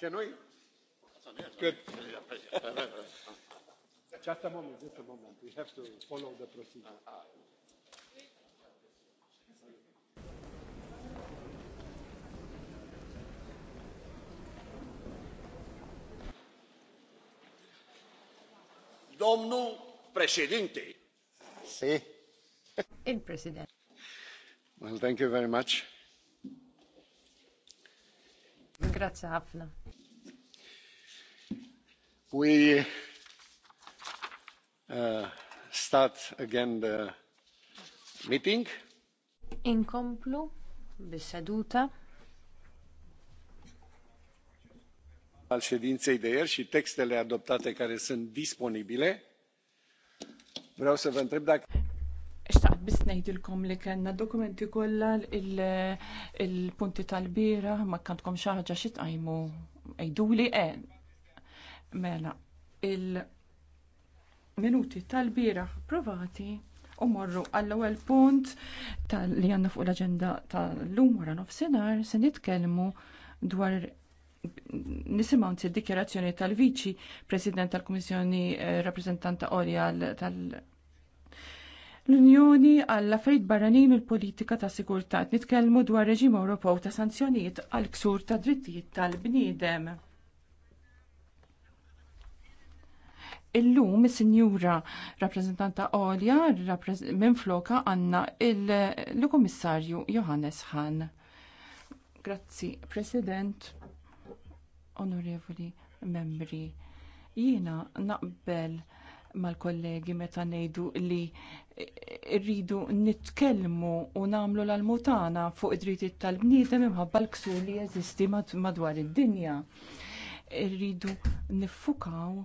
Can we? Good. just a moment, just a moment. We have to follow the procedure. Domnu Presidente. Sì. Il Presidente. Well, thank you very much. Grazie ħafna we uh, start again the meeting. Inkomplu bis-seduta. Al ședinței de ieri și textele adoptate care sunt disponibile. Vreau să vă întreb dacă Ixtaqt bis ngħidilkom li kellna dokumenti kollha il-punti tal-bira ma kantkom xi ħaġa xi tqajmu ngħiduli e eh, Mela, il-minuti tal birax provati u morru għall-ewwel punt li għandna fuq l-aġenda tal-lum wara nofsinhar se nitkellmu dwar nisimgħu nsir dikjarazzjoni tal-Viċi President tal-Kummissjoni eh, Rappreżentanta Orja tal- L-Unjoni għall affarijiet barranin u l-politika ta' sigurtà nitkellmu dwar reġim Ewropew ta' sanzjonijiet għal ksur ta' drittijiet tal-bniedem. illum is-sinjura rappreżentanta Olja minn floka għandna il-Kummissarju Johannes Hahn. Grazzi, President, onorevoli membri. Jiena naqbel mal-kollegi meta ngħidu li rridu nitkellmu u nagħmlu l-almutana fuq id-drittijiet tal-bniedem imħabba l-ksur li jeżisti madwar id-dinja. Irridu niffukaw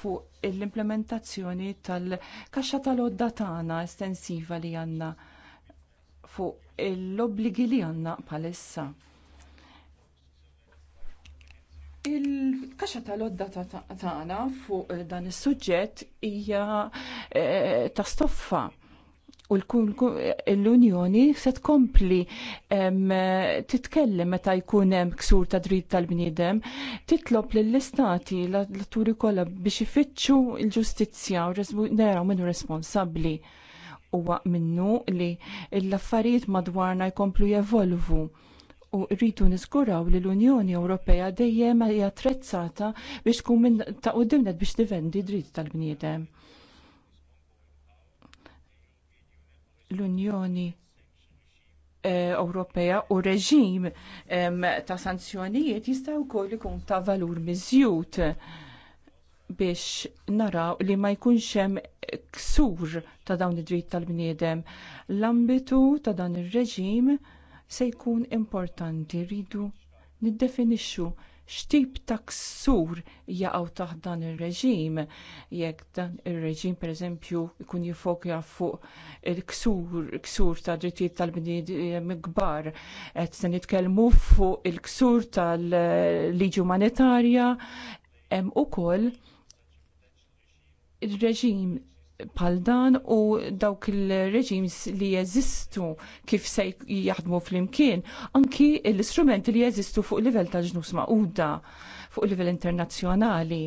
fuq l-implementazzjoni tal-kaxxa tal-odda tagħna estensiva li għandna fuq l-obbligi li għandna bħalissa. Il-kaxxa tal-odda tagħna fuq dan is-suġġett hija eh, ta' stoffa u l-Unjoni se tkompli titkellem meta jkun hemm ksur ta' dritt tal-bniedem, titlob lill-istati l-atturi kollha biex ifittxu l-ġustizzja u naraw minnu responsabbli huwa minnu li l-affarijiet madwarna jkomplu jevolvu u rridu niskuraw li l-Unjoni Ewropea dejjem hija attrezzata biex tkun ta' qudimnet biex tivendi dritt tal-bniedem. l-Unjoni eh, Ewropea u reġim ta' sanzjonijiet jista' wkoll ikun ta' valur miżjud biex naraw li ma jkunx hemm ksur ta' dawn id-dritt tal-bniedem. L-ambitu ta' dan ir-reġim se jkun importanti rridu niddefinixxu xtip ta' ksur jaqgħu taħt dan ir-reġim jekk dan ir-reġim pereżempju jkun jifokja fuq il-ksur ksur ta' drittijiet tal-bniedem kbar qed se nitkellmu fuq il-ksur tal-liġi umanitarja hemm ukoll ir-reġim bħal dan u dawk il-reġims li jeżistu kif se jaħdmu fl-imkien, anki l-istrumenti li jeżistu fuq livell ta' ġnus ma'uda, fuq livell internazzjonali.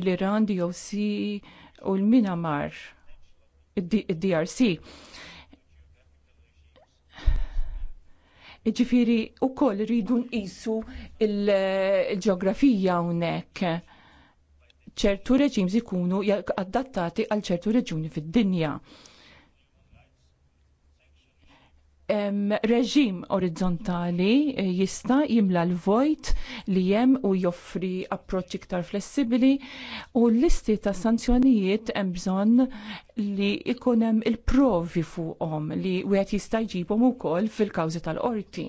L-Iran, DOC u l-Minamar, drc Ġifiri, u koll rridu nqisu il-ġeografija unek ċertu reġims ikunu adattati għal ċertu reġuni fid-dinja. Reġim orizzontali eh, jista jimla l-vojt li jem u joffri approċċi iktar flessibili u l-listi ta' sanzjonijiet hemm bżonn li ikun hemm il-provi fuqhom li wieħed jista' jġibhom ukoll fil-kawżi tal-qorti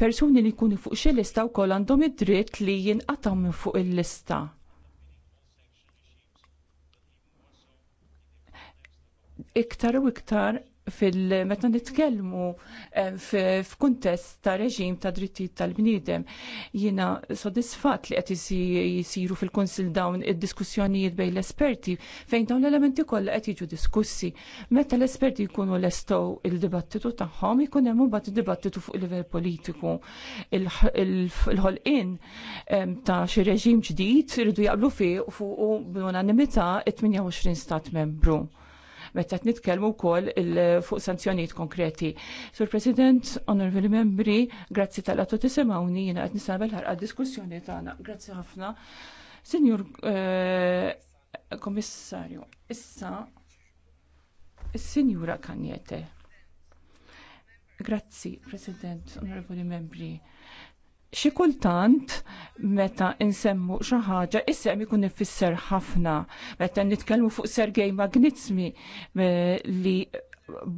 persuni li jkunu fuq xi lista wkoll għandhom id-dritt li jinqataw minn fuq il-lista. Iktar u iktar fil-meta nitkellmu eh, f'kuntest ta' reġim ta' drittijiet tal-bniedem, jiena sodisfatt li qed jisiru fil-Kunsil dawn id-diskussjonijiet bejn l-esperti fejn dawn l-elementi kollha qed jiġu diskussi. Meta l-esperti jkunu lestow il-dibattitu tagħhom ikun hemm imbagħad id-dibattitu fuq livell politiku. Il-ħolqien ta' xi reġim ġdid iridu jaqblu fih fuq bl-unanimità 28 stat membru meta nitkellmu wkoll fuq sanzjonijiet konkreti. Sur President, Honorable Membri, grazzi tal-għattu tisimawni jiena qed nisabel ħarqa diskussjoni tagħna. Grazzi ħafna. Senjur eh, Komissarju, issa Signora Kanjete. Grazzi, President, Onorevoli Membri. Xi kultant meta insemmu xi ħaġa isem ikun ifisser ħafna. Meta nitkellmu fuq Sergej Magnitsmi eh, li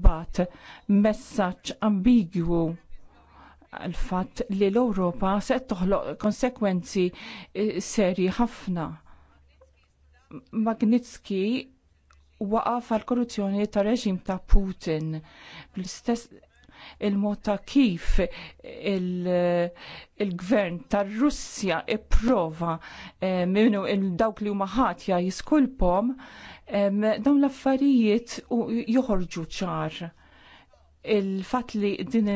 bat messaġġ ambigwu għal fatt li l-Ewropa se toħloq konsekwenzi eh, serji ħafna. Magnitsky waqaf għal korruzzjoni tar reġim ta' Putin. Bl-istess il-mod ta' kif il-gvern il tar-Russja ipprova e minnu dawk li huma ħatja jiskulpom eh, dawn l-affarijiet joħorġu ċar il-fat li din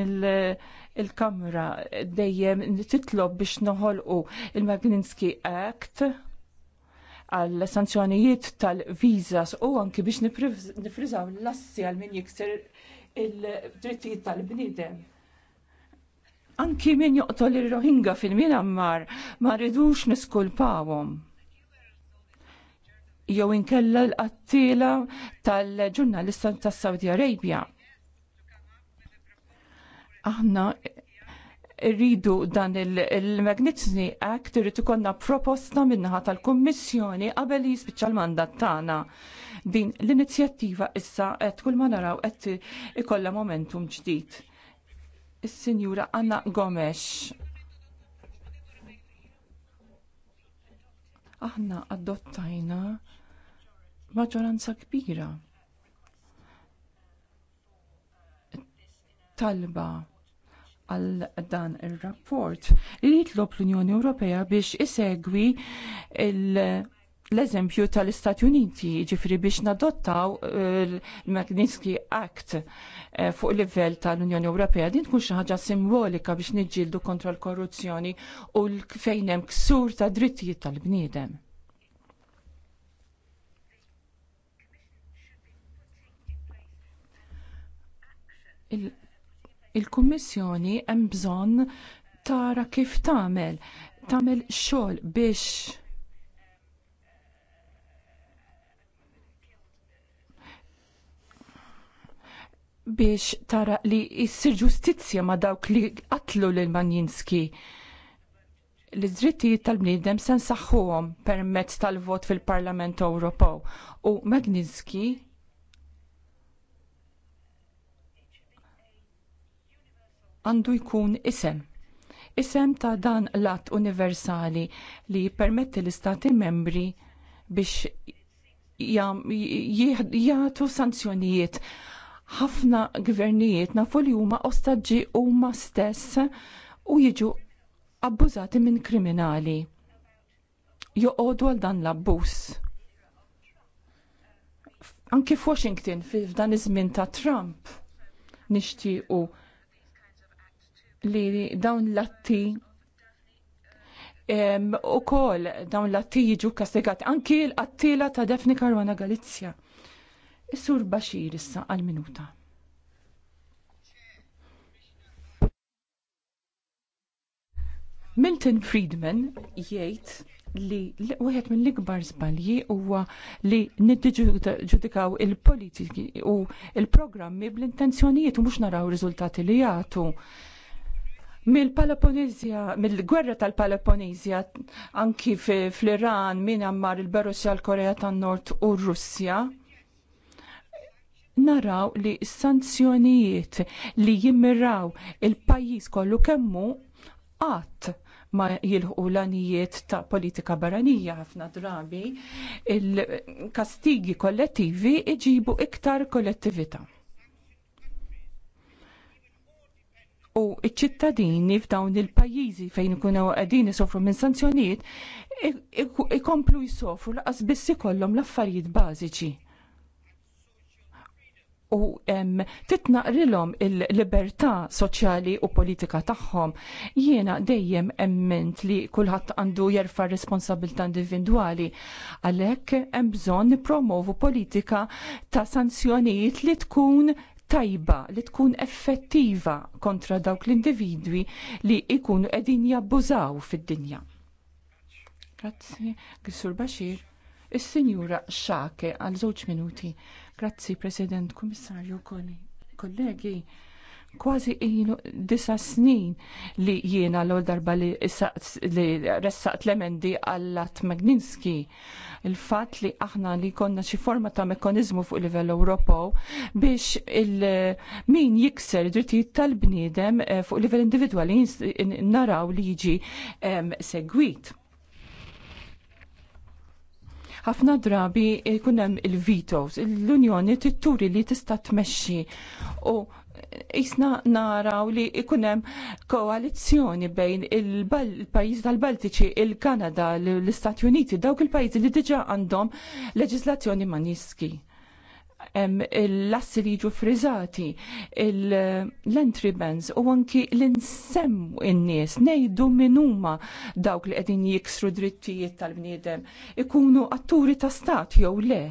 il-kamra dejjem titlob biex noħolqu il-Magninski Act għal sanzjonijiet tal-vizas u anki biex nifrizaw l-assi għal min jikser il-drittijiet tal bnidem Anki min joqtol ir-Rohingya fil-Myanmar ma rridux niskulpawhom. Jew inkella l-qattila tal-ġurnalista tas-Saudi Arabja. Aħna rridu dan il-Magnitsky Act irrid ikollna proposta min-naħa tal-Kummissjoni qabel li jispiċċa l-mandat tagħna. Din l-inizjattiva issa qed kull ma naraw qed ikollha momentum ġdid. Is-Sinjura Anna Gomes. Aħna adottajna maġġoranza kbira. Talba għal dan ir-rapport li jitlob l-Unjoni Ewropea biex isegwi l-eżempju tal-Istati Uniti, ġifri biex nadottaw il-Magnitsky eh, Act eh, fuq livell tal-Unjoni Ewropea. Din tkun xi ħaġa simbolika biex niġġieldu kontra l-korruzzjoni u fejn hemm ksur ta' drittijiet tal-bniedem. il Il-Kummissjoni hemm bżonn tara kif tagħmel, tagħmel xogħol biex biex tara li jissir ġustizzja ma dawk li qatlu lil Manjinski. li drittijiet tal-bniedem se nsaħħuhom permezz tal-vot fil-Parlament Ewropew u Magnitsky għandu jkun isem. Isem ta' dan l-att universali li jippermetti l-istati membri biex jagħtu sanzjonijiet. Ħafna gvernijiet nafu li huma ostaġġi huma stess u jiġu abbużati minn kriminali. Joqogħdu għal dan l-abbuż. Anki f'Washington f'dan iż-żmien ta' Trump nixtiequ li dawn l-atti u kol dawn l-atti jiġu kastigati anki l-attila ta' Defni Karwana Galizja. Is-sur Bashir issa għal-minuta. Milton Friedman jgħid li wieħed mill-ikbar żbalji huwa li niddiġudikaw il-politiki u il-programmi bl-intenzjonijiet u mhux naraw riżultati li jagħtu Mill-Peloponizja, mill-gwerra tal-Peloponizja, anki fl-Iran, min ammar il-Berussja, l-Korea tan-Nord u r-Russja, naraw li sanzjonijiet li jimmiraw il-pajis kollu kemmu għat ma jilħu l-anijiet ta' politika barranija ħafna drabi, il-kastigi kollettivi iġibu iktar kollettivita. u iċ-ċittadini f'dawn il-pajjiżi fejn ikunu qegħdin isofru minn sanzjonijiet ikomplu jsofru laqas biss ikollhom l-affarijiet bażiċi. U titnaqrilhom il-libertà soċjali u politika tagħhom. Jiena dejjem emment li kulħadd għandu jerfa' responsabilità individwali għalhekk hemm bżonn nippromovu politika ta' sanzjonijiet li tkun tajba li tkun effettiva kontra dawk l-individwi li ikunu qegħdin jabbużaw fid-dinja. Grazzi, Gissur Bashir. Is-Sinjura Xake għal żewġ minuti. Grazzi, President, Kummissarju, kollegi kważi ilu disa snin li jiena l darba li, li ressaqt l-emendi għallat Magninski. Il-fat li aħna li konna xi forma ta' mekanizmu fuq livell Ewropew biex il-min jikser drittijiet tal-bniedem eh, fuq livell individwali naraw li jiġi segwit. Ħafna drabi kunem il-vitos, l-Unjoni turi li tista' tmexxi u jisna naraw li ikunem koalizjoni bejn il-pajjiż tal-Baltiċi, il-Kanada, l-Istati Uniti, dawk il-pajjiżi li diġa għandhom leġislazzjoni maniski. L-assi liġu frizzati, l-entry bans u anki l-insemmu n-nies, nejdu minuma dawk li għedin jiksru drittijiet tal-bniedem, ikunu atturi ta' stat jew le.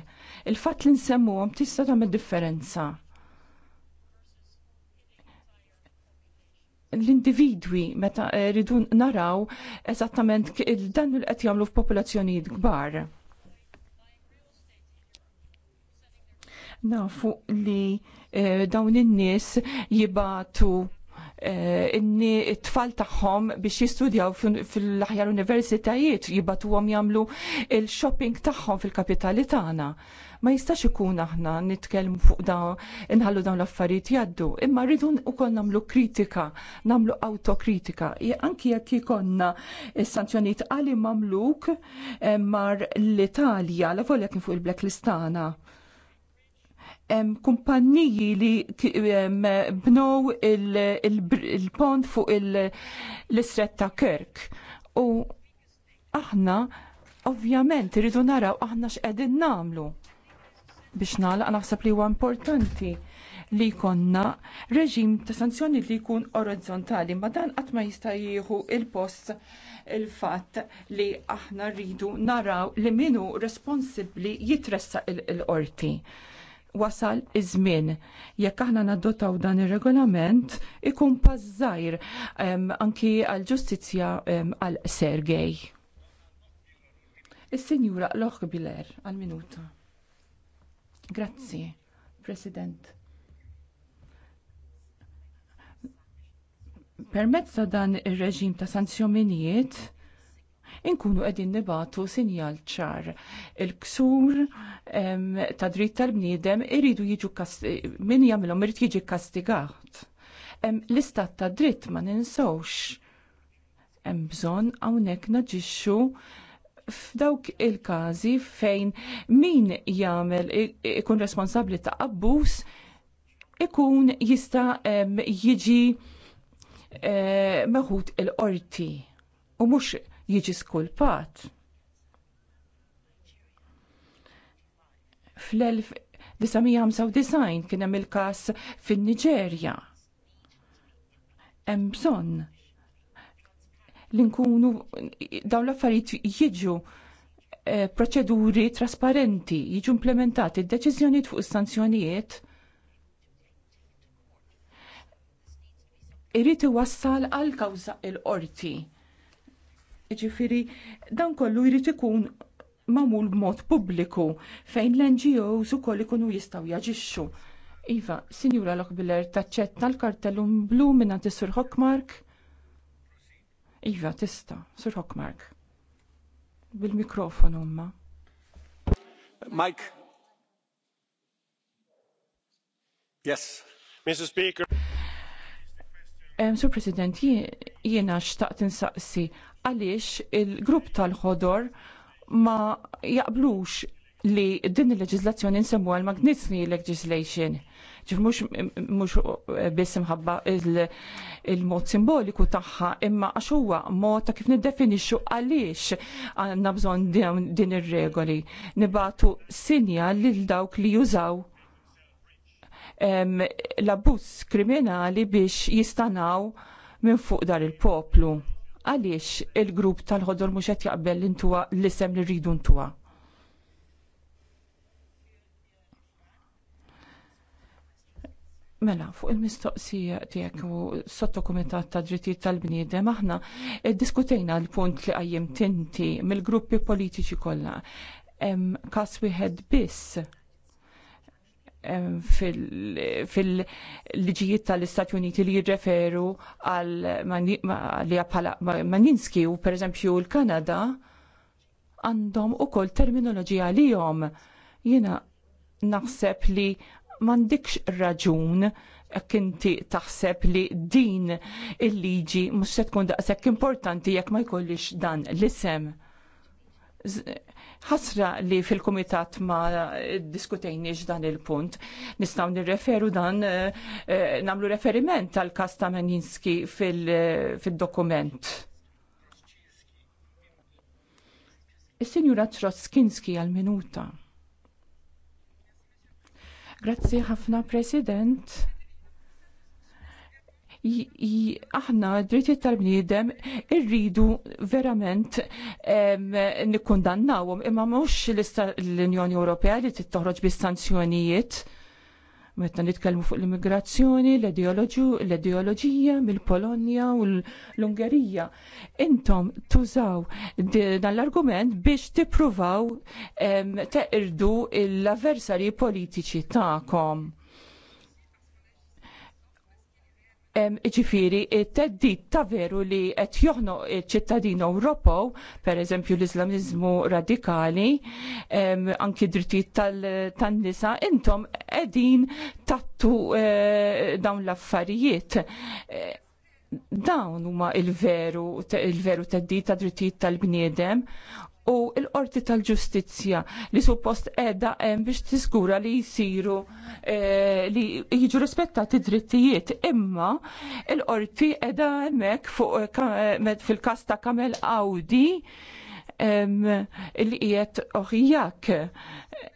Il-fat li nsemmuhom tista' tagħmel differenza l-individwi meta eh, rridu naraw eżattament dan il qed jagħmlu f'popolazzjonijiet kbar. Nafu li eh, dawn in-nies jibatu Eh, inni it-tfal tagħhom biex jistudjaw fil-aħjar universitajiet jibatuhom jagħmlu il-shopping tagħhom fil-kapitali tagħna. Ma jistax ikun aħna nitkellmu fuq da inħallu dawn l-affarijiet jaddu, imma rridu wkoll nagħmlu kritika, nagħmlu autokritika. Anki jekk ikonna s-sanzjonijiet għali mamluk eh, mar l-Italja, l volja kien fuq il-blacklist tagħna kumpanniji li bnow il-pont fuq l istretta ta' Kirk. U aħna ovvjament rridu naraw aħna x'qegħdin nagħmlu biex nagħlaq naħseb li huwa importanti li jkollna reġim ta' sanzjoni li jkun orizzontali ma dan qatt ma jista' jieħu il-post il-fatt li aħna rridu naraw li min hu responsibbli jitressaq il-qorti. il qorti wasal iż-żmien. Jekk aħna nadottaw dan ir-regolament, ikun pażżajr anki għall ġustizzja għal Sergej. Is-Sinjura Lochbiller għal minuta. Grazzi, President. Permezz ta' dan ir-reġim ta' sanzjonijiet, inkunu qegħdin nibatu sinjal ċar. Il-ksur ta' dritt tal-bniedem iridu jiġu min jagħmilhom irid jiġi kastigat. L-istat ta' dritt ma ninsawx. Hemm bżonn hawnhekk naġixxu f'dawk il-każi fejn min jagħmel ikun responsabbli ta' abbus ikun jista' jiġi eh, meħud il-qorti u mhux jiġi skulpat. Fl-1995 kien hemm il-każ fin-Niġerja. Hemm bżonn li nkunu dawn l-affarijiet jiġu eh, proċeduri trasparenti, jiġu implementati d-deċiżjonijiet fuq is-sanzjonijiet irrid iwassal għal kawża il-qorti. Ġifiri, dan kollu jrid ikun mamul b'mod pubbliku fejn l-NGOs ukoll ikunu jistgħu jaġixxu. Iva, Sinjura l-okbiller taċċetta l-kartellum blu minna t Sur Hockmark? Iva, tista, Sur Hockmark. Bil-mikrofon umma. Mike. Yes. Mr. Speaker. Um, Sur President, jiena xtaqt insaqsi għaliex il-grupp tal-ħodor ma jaqblux li din il-leġizlazzjoni nsemmu għal Magnitsky legislation. Ġif mux, mux biss ħabba il-mod simboliku taħħa, imma għax huwa mod ta' kif niddefinixxu għaliex għandna bżonn din ir-regoli. Nibatu sinja lil dawk li jużaw l-abbuż kriminali biex jistanaw minn fuq dar il-poplu għaliex il-grupp tal-ħodor mhux qed jaqbel intuwa l-isem li rridu ntuwa. Mela, fuq il-mistoqsija tiegħek u sottokumitat ta' drittijiet tal-bniedem aħna diskutejna l-punt li qajjim tinti mill-gruppi politiċi kollha. Hemm każ wieħed biss fil-liġijiet tal-Istati Uniti li jirreferu għal Maninski u per eżempju l-Kanada għandhom u koll terminoloġija li jom. jina naħseb li mandikx raġun kinti taħseb li din il-liġi mux se tkun daqshekk importanti jekk ma jkollix dan l-isem ħasra li fil-Kumitat ma diskutejniex dan il-punt. Nistgħu nirreferu dan eh, eh, namlu referiment tal każ ta' Meninski eh, fil-dokument. Fil dokument il sinjura Troskinski għal-minuta. Grazie ħafna, President aħna drittijiet tal-bniedem irridu verament nikkundannawhom imma mhux l-Unjoni Ewropea li tittoħroġ bis-sanzjonijiet meta nitkellmu fuq l-immigrazzjoni, l-ideoloġija mill-Polonja u l-Ungerija. Intom tużaw dan l-argument biex tippruvaw teqirdu l-avversarji politiċi tagħkom. ċifiri, t teddit ta' veru li qed joħno ċittadin Ewropew, per eżempju l-Islamizmu radikali, anki drittijiet tan-nisa, intom qegħdin tattu eh, dawn l-affarijiet. Eh, dawn huma il-veru il-veru teddit ta' drittijiet tal-bniedem u l-Qorti tal-Ġustizzja li suppost qiegħda hemm biex tiżgura li jsiru eh, li jiġu rispettati drittijiet imma l-Qorti qiegħda hemmhekk fuq eh, eh, fil-każ ta' Kamel Audi li qiegħed oħjak.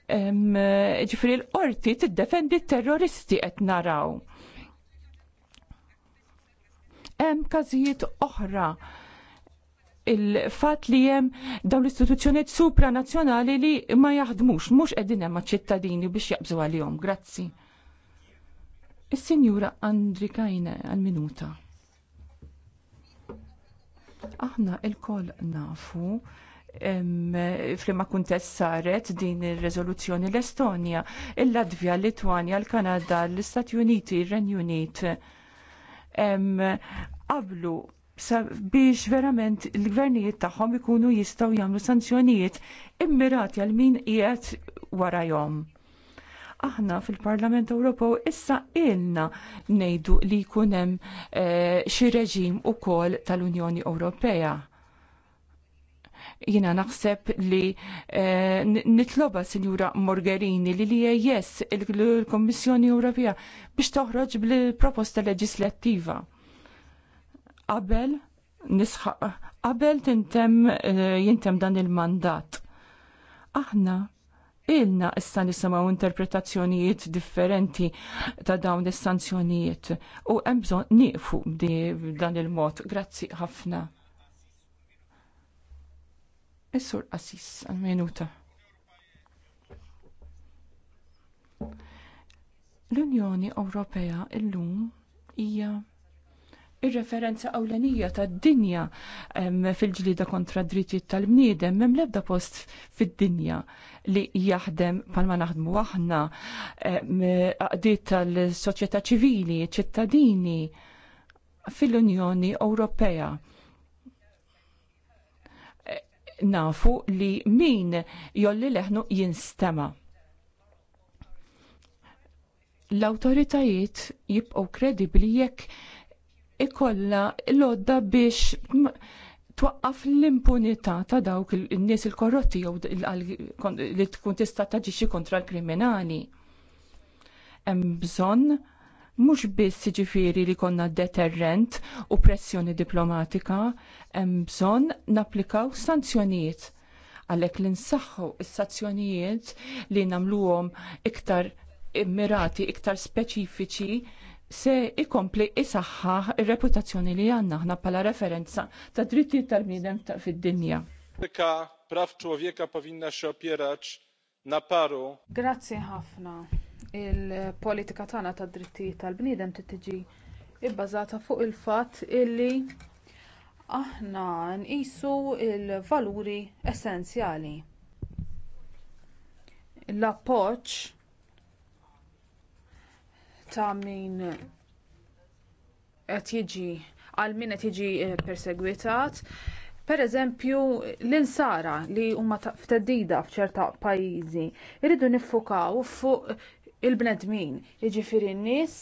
Ġifieri l-qorti tiddefendi t-terroristi qed naraw. Hemm każijiet oħra il-fat li jem daw l-istituzzjoniet supranazzjonali li ma jaħdmux, mux edin hemm ċittadini biex jaqbżu għal-jom. Grazzi. Is-Sinjura Kajne għal-minuta. Aħna il-koll nafu ma kuntess saret din ir-reżoluzzjoni l-Estonja, il-Latvja, l-Litwanja, l-Kanada, l-Istati Uniti, il renju Unit qablu biex verament l-gvernijiet tagħhom ikunu jistgħu jagħmlu sanzjonijiet immirati għal min qiegħed warajhom. Aħna fil-Parlament Ewropew issa ilna ngħidu li jkun hemm e, xi reġim ukoll tal-Unjoni Ewropea. Jiena naħseb li e, nitloba Sinjura Morgerini li li jes il-Kommissjoni Ewropea biex toħroġ bil-proposta leġislattiva qabel nisħaq qabel tintem eh, jintem dan il-mandat. Aħna ilna issa nisimgħu interpretazzjonijiet differenti ta' dawn is-sanzjonijiet u hemm bżonn nieqfu dan il-mod. Grazzi ħafna. Is-sur Qasis għal-minuta. L-Unjoni Ewropea illum hija ir-referenza ewlenija tad-dinja fil-ġlida kontra drittijiet tal-bniedem m'hemm l-ebda post fid-dinja li jaħdem ma naħdmu aħna qdiet tal-soċjetà ċivili, ċittadini fil-Unjoni Ewropea nafu li min jolli leħnu jinstema. L-autoritajiet jibqgħu kredibbli jekk ikolla l-odda biex twaqqaf l-impunità ta' dawk il-nies il-korrotti jew li tkun tista' taġixxi kontra l-kriminali. Hemm bżonn mhux biss jiġifieri li konna deterrent u pressjoni diplomatika, hemm bżonn napplikaw sanzjonijiet għalhekk li nsaħħu s-sanzjonijiet li nagħmluhom iktar immirati, iktar speċifiċi se ikompli isaħħaħ ir-reputazzjoni li għandna aħna bħala referenza ta' drittijiet tal-bniedem fid-dinja. Ka praw człowieka powinna się opierać na paru. Grazzi ħafna. Il-politika tagħna tad drittijiet tal-bniedem titiġi ibbażata fuq il-fatt illi aħna nqisu l valuri essenzjali. L-appoġġ ta' min qed jiġi għal min qed jiġi eh, Per Pereżempju l-insara li huma f'teddida f'ċerta pajjiżi, irridu niffukaw fuq il-bnedmin, jiġifieri n-nies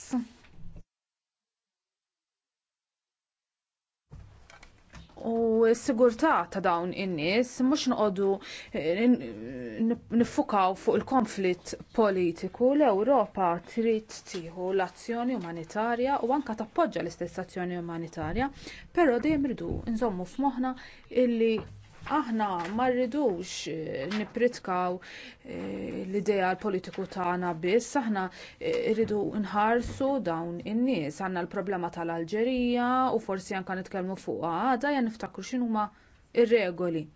u s-sigurtà ta' dawn in-nies mhux noqogħdu eh, niffukaw fuq il-konflitt politiku l-Ewropa trid tieħu l-azzjoni umanitarja u anke tappoġġja l-istess azzjoni umanitarja, però dejjem irdu nżommu f'moħħna illi aħna ma rridux eh, nipritkaw l eh, l politiku tagħna biss, aħna eh, rridu nħarsu dawn in-nies, għandna l-problema tal-Alġerija u forsi anke nitkellmu fuqha għada ja niftakru x'inhuma ir-regoli.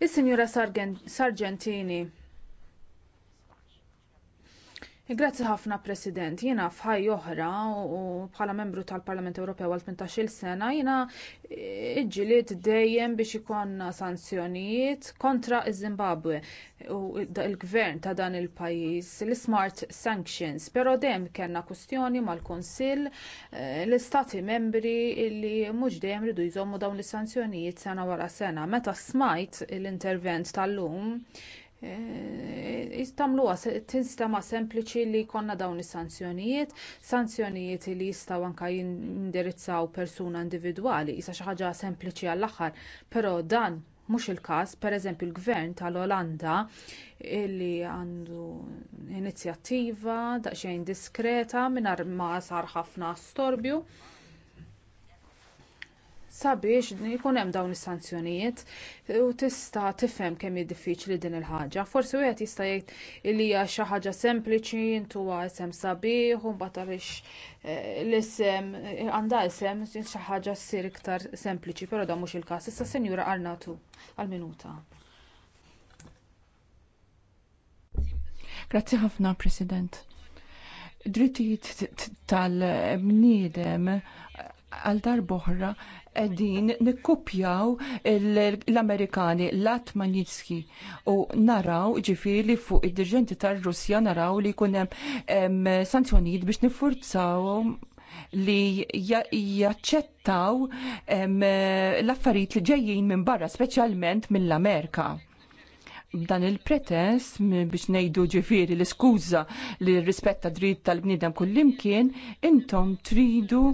Is-Sinjura Sargentini Grazzi ħafna President, jiena fħaj oħra u bħala membru tal-Parlament Ewropew għal 18-il sena jiena iġġiliet dejjem biex ikonna sanzjonijiet kontra zimbabwe u il-gvern ta' dan il-pajjiż l-smart sanctions, però dejjem kellna kwistjoni mal-Kunsill eh, l-istati membri li mhux dejjem ridu jżommu dawn is-sanzjonijiet sena wara sena. Meta smajt l-intervent tal-lum Istamluwa eh, tinstema sempliċi li jkollna dawn is-sanzjonijiet, sanzjonijiet li jistgħu anka jindirizzaw persuna individwali, isa xi ħaġa sempliċi għall-aħħar, però dan mhux il-każ, eżempju il gvern tal-Olanda li għandu inizjattiva daċxajn diskreta mingħajr ma sar ħafna storbju sabiex jkun hemm dawn is-sanzjonijiet u tista' tifhem kemm hi diffiċli din il-ħaġa. Forsi wieħed jista' jgħid li hija xi ħaġa sempliċi intuha isem sabiħ u mbagħad għaliex eh, l-isem għandha isem xi ħaġa ssir iktar sempliċi, però dan mhux il-każ. Issa Sinjura Arnatu għal-minuta. Grazzi ħafna, President drittijiet tal-bniedem għal darboħra qegħdin nikkupjaw l-Amerikani Lat Magnitski u naraw ġifiri fuq id-dirġenti tar-Russja naraw li kunem sanzjonijiet biex nifurzaw li jaċċettaw l-affarijiet li ġejjin minn barra, speċjalment mill-Amerika. Dan il-pretest biex nejdu ġifiri l-iskuża li rispetta dritt tal-bnidem kullimkien, intom tridu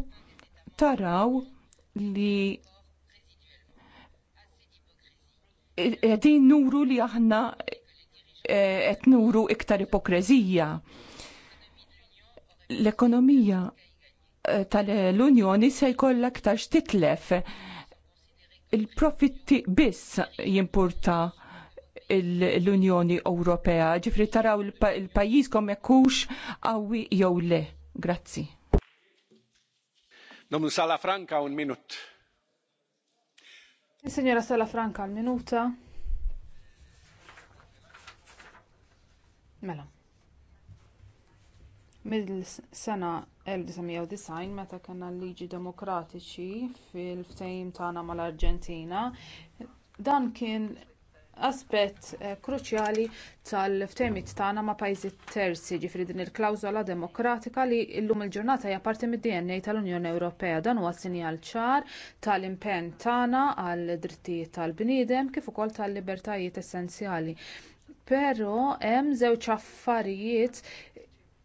taraw li qegħdin nuru li aħna eh, qed nuru iktar ipokrezija. L-ekonomija eh, tal-Unjoni se jkollha aktar titlef il-profitti biss jimporta l-Unjoni Ewropea. Ġifri taraw il-pajjiż kom jekkux qawwi jew le. Grazzi. Domnul Salafranca, un minut. Eh, signora Salafranca, un minuta. Mela. Mill-sena 1990 meta kellna liġi demokratiċi fil-ftehim tagħna mal argentina dan kien aspett eh, kruċjali tal-ftehimiet tagħna ma' pajjiżi terzi ġifri din il-klawżola demokratika li llum il-ġurnata hija parti mid-dna tal-unjoni ewropea dan huwa sinjal ċar tal-impenn tagħna għal drittijiet tal-bniedem kif ukoll tal-libertajiet essenzjali però hemm żewġ affarijiet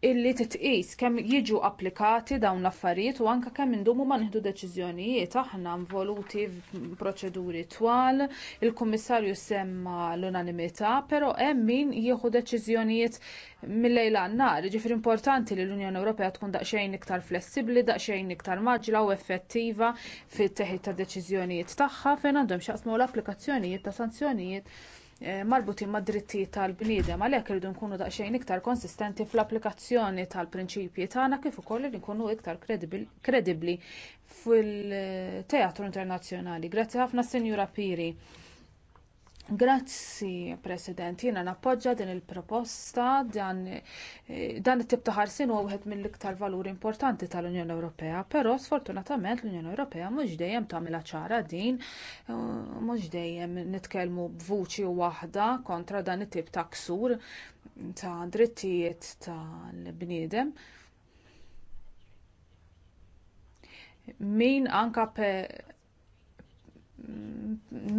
illi titqis kemm jiġu applikati dawn l-affarijiet u anke kemm indumu ma nieħdu deċiżjonijiet aħna involuti f'proċeduri twal, il-Kummissarju semma l-unanimità, però hemm min jieħu deċiżjonijiet mill għan nar Ġifier importanti li l-Unjoni Ewropea tkun daqsxejn iktar flessibbli, daqsxejn iktar maġla u effettiva fit-teħid ta' deċiżjonijiet tagħha fejn għandhom x'jaqsmu l-applikazzjonijiet ta' sanzjonijiet Eh, marbutin mad drittijiet tal-bniedem għalhekk irridu nkunu daqsxejn iktar konsistenti fl-applikazzjoni tal-prinċipji tagħna kif ukoll irid nkunu iktar kredibbli fil-teatru eh, internazzjonali. Grazzi ħafna Sinjura Piri. Grazzi, President. Jiena nappoġġa din il-proposta dan, eh, it-tip ta' ħarsin huwa wieħed mill-iktar valur importanti tal-Unjoni Ewropea, però sfortunatament l-Unjoni Ewropea mhux dejjem tagħmilha ċara din, eh, mhux dejjem nitkellmu b'vuċi waħda kontra dan it-tip ta' ksur ta' drittijiet tal-bniedem. Min anka pe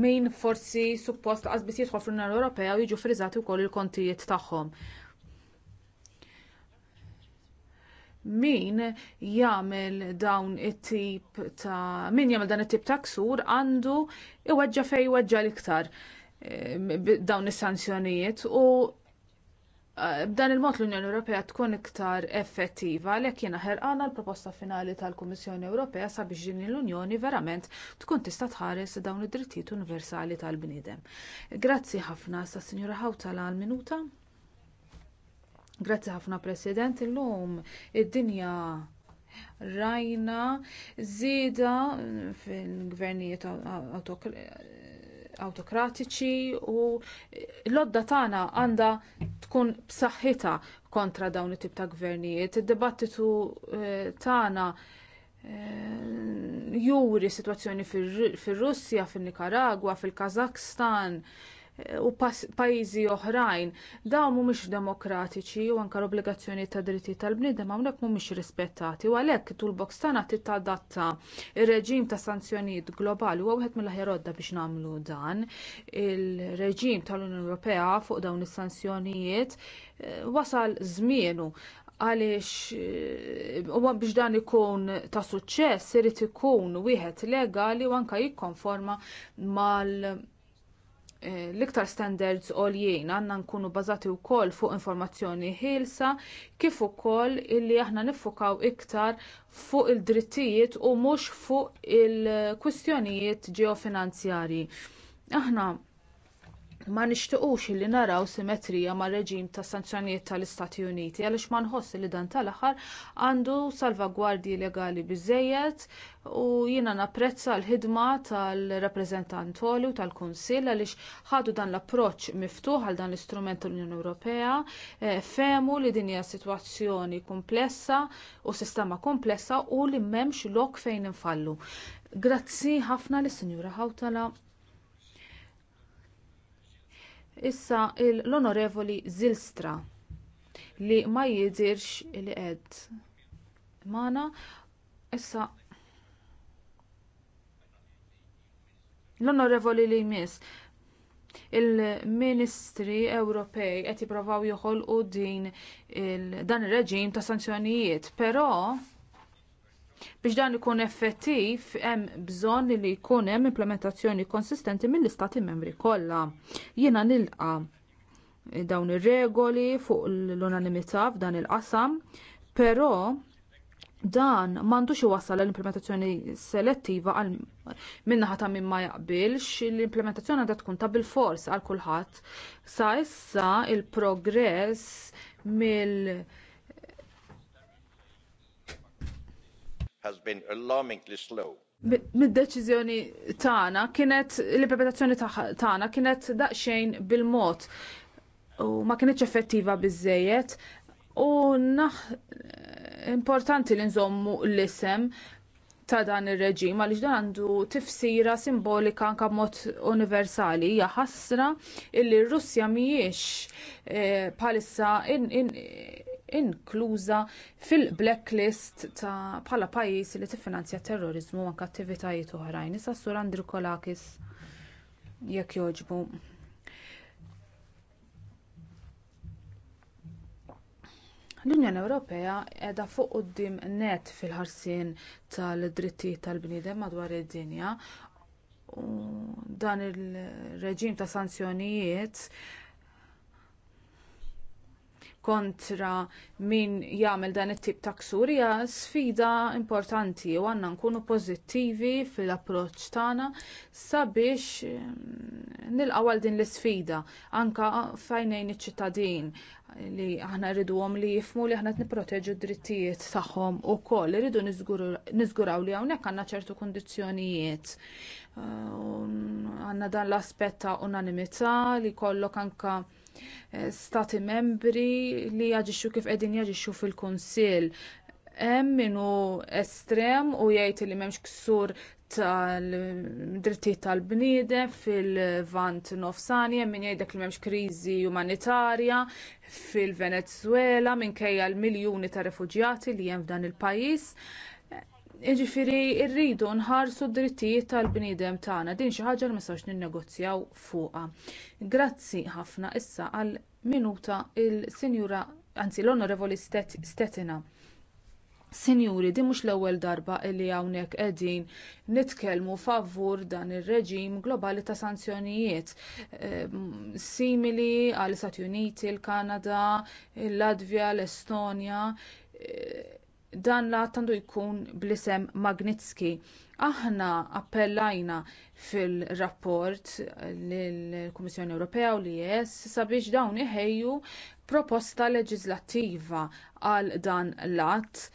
min forsi suppost laqas biss jidħol fl-Unjoni Ewropea u jiġu friżati wkoll il-kontijiet tagħhom. Min jagħmel dawn it-tip ta' min jagħmel dan it-tip ta' ksur għandu iweġġa fejn iweġġa l-iktar eh, dawn is-sanzjonijiet u b'dan il-mod l-Unjoni Ewropea tkun iktar effettiva għalhekk jiena ħerqana l-proposta finali tal-Kummissjoni Ewropea sabiex din l-Unjoni verament tkun tista' tħares dawn id-drittijiet universali tal-bniedem. Grazzi ħafna sa' Sinjura Hawtala għal minuta. Grazzi ħafna President illum id-dinja rajna żieda fil-gvernijiet awtokratiċi u l-odda tagħna għandha tkun b'saħħitha kontra dawn it-tip ta' gvernijiet. Id-dibattitu eh, tagħna eh, juri sitwazzjoni fir-Russja, fin-Nikaragwa, fil-Kazakstan, u pajjiżi oħrajn dawn mhumiex demokratiċi u anke l-obbligazzjoni ta' drittijiet tal-bniedem hawnhekk mhumiex rispettati u għalhekk toolbox tagħna titadatta ir-reġim ta' sanzjonijiet globali huwa wieħed mill-aħjar għodda biex nagħmlu dan. Il-reġim tal-Unjoni Ewropea fuq dawn is-sanzjonijiet eh, wasal żmienu għaliex huwa eh, biex dan ikun ta' suċċess irid ikun wieħed legali u anke jikkonforma mal l-iktar standards għoljien għandna nkunu bbażati wkoll fuq informazzjoni ħielsa kif ukoll illi aħna niffukaw iktar fuq id-drittijiet u mhux fuq il-kwistjonijiet ġeofinanzjarji aħna ma nixtiequx li naraw simetrija mar-reġim tas-sanzjonijiet tal-istati uniti għaliex ma nħoss li dan tal-aħħar għandu salvagwardji legali biżżejjed u jiena napprezza l-ħidma tal-rappreżentant u tal-kunsill għaliex ħadu dan l-approċċ miftuħ għal dan l-istrument tal-unjoni ewropea eh, fehmu li din hija sitwazzjoni komplessa u sistema komplessa u li m'hemmx lok fejn infallu. Grazzi ħafna lis-Sinjura Hawtala Issa l-Onorevoli Zilstra li ma jidhirx li qed mana issa l-Onorevoli li jmiss il-Ministri Ewropej qed jippruvaw joħolqu din dan ir-reġim ta' sanzjonijiet, però Biex dan ikun effettiv, hemm bżonn li jkun hemm implementazzjoni konsistenti mill-istati membri kollha. Jiena nilqa dawn ir-regoli fuq l-unanimità f'dan il-qasam, però dan m'għandux iwassal l-implementazzjoni selettiva għal minnaħa ta' min ma jaqbilx l-implementazzjoni għandha tkun ta' bil-fors għal kulħadd. Sa issa il-progress mill- has been alarmingly slow. Mid-deċiżjoni tagħna kienet l-implementazzjoni tagħna kienet daqsxejn bil-mod u ma kienitx effettiva biżejjed u naħ importanti li nżommu l-isem ta' dan ir-reġim għaliex dan għandu tifsira simbolika anke b'mod universali hija ħasra illi r-Russja mhijiex eh, bħalissa inkluża fil-blacklist ta' bħala pajjiż li tiffinanzja terrorizmu anke attivitajiet oħrajn. Issa sur Andrikolakis jekk jogħġbu. L-Unjoni Ewropea qiegħda fuq quddiem net fil-ħarsien tal-drittijiet tal-bniedem madwar id-dinja u dan ir reġim ta' sanzjonijiet kontra min jagħmel dan it-tip ta' ksur hija sfida importanti u għandna nkunu pożittivi fil-approċċ tagħna sabiex mm, nilqgħu għal din l-isfida anke f'għajnejn iċ-ċittadin li aħna rriduhom li jifmu li aħna nipproteġu d-drittijiet tagħhom ukoll rridu niżguraw li hawnhekk għandna ċertu kundizzjonijiet. Uh, għandna dan l-aspett ta' unanimità li jkollok anke eh, stati membri li jaġixxu kif qegħdin jaġixxu fil-kunsill hemm minu estrem u jgħid li m'hemmx ksur tal-drittijiet tal-bniedem fil-vant nofsani, hemm min jgħidek li m'hemmx kriżi umanitarja fil-Venezuela minkejja l-miljuni ta' refuġjati li hemm f'dan il-pajjiż. Jiġifieri rridu nħarsu d-drittijiet tal-bniedem tagħna din xi ħaġa li ma ninnegozjaw fuqha. Grazzi ħafna issa għal minuta il-Sinjura anzi l-Onorevoli Stetina. Sinjuri, di mux l-ewwel darba li hawnhekk qegħdin nitkellmu favur dan ir-reġim globali ta' sanzjonijiet ehm, simili għall istati Uniti, il-Kanada, il-Latvja, l-Estonja. Eh, dan l-att għandu jkun blisem Magnitski. Aħna appellajna fil-rapport lill-Kummissjoni Ewropea u l-IS e sabiex dawn iħejju proposta leġislattiva għal dan l-att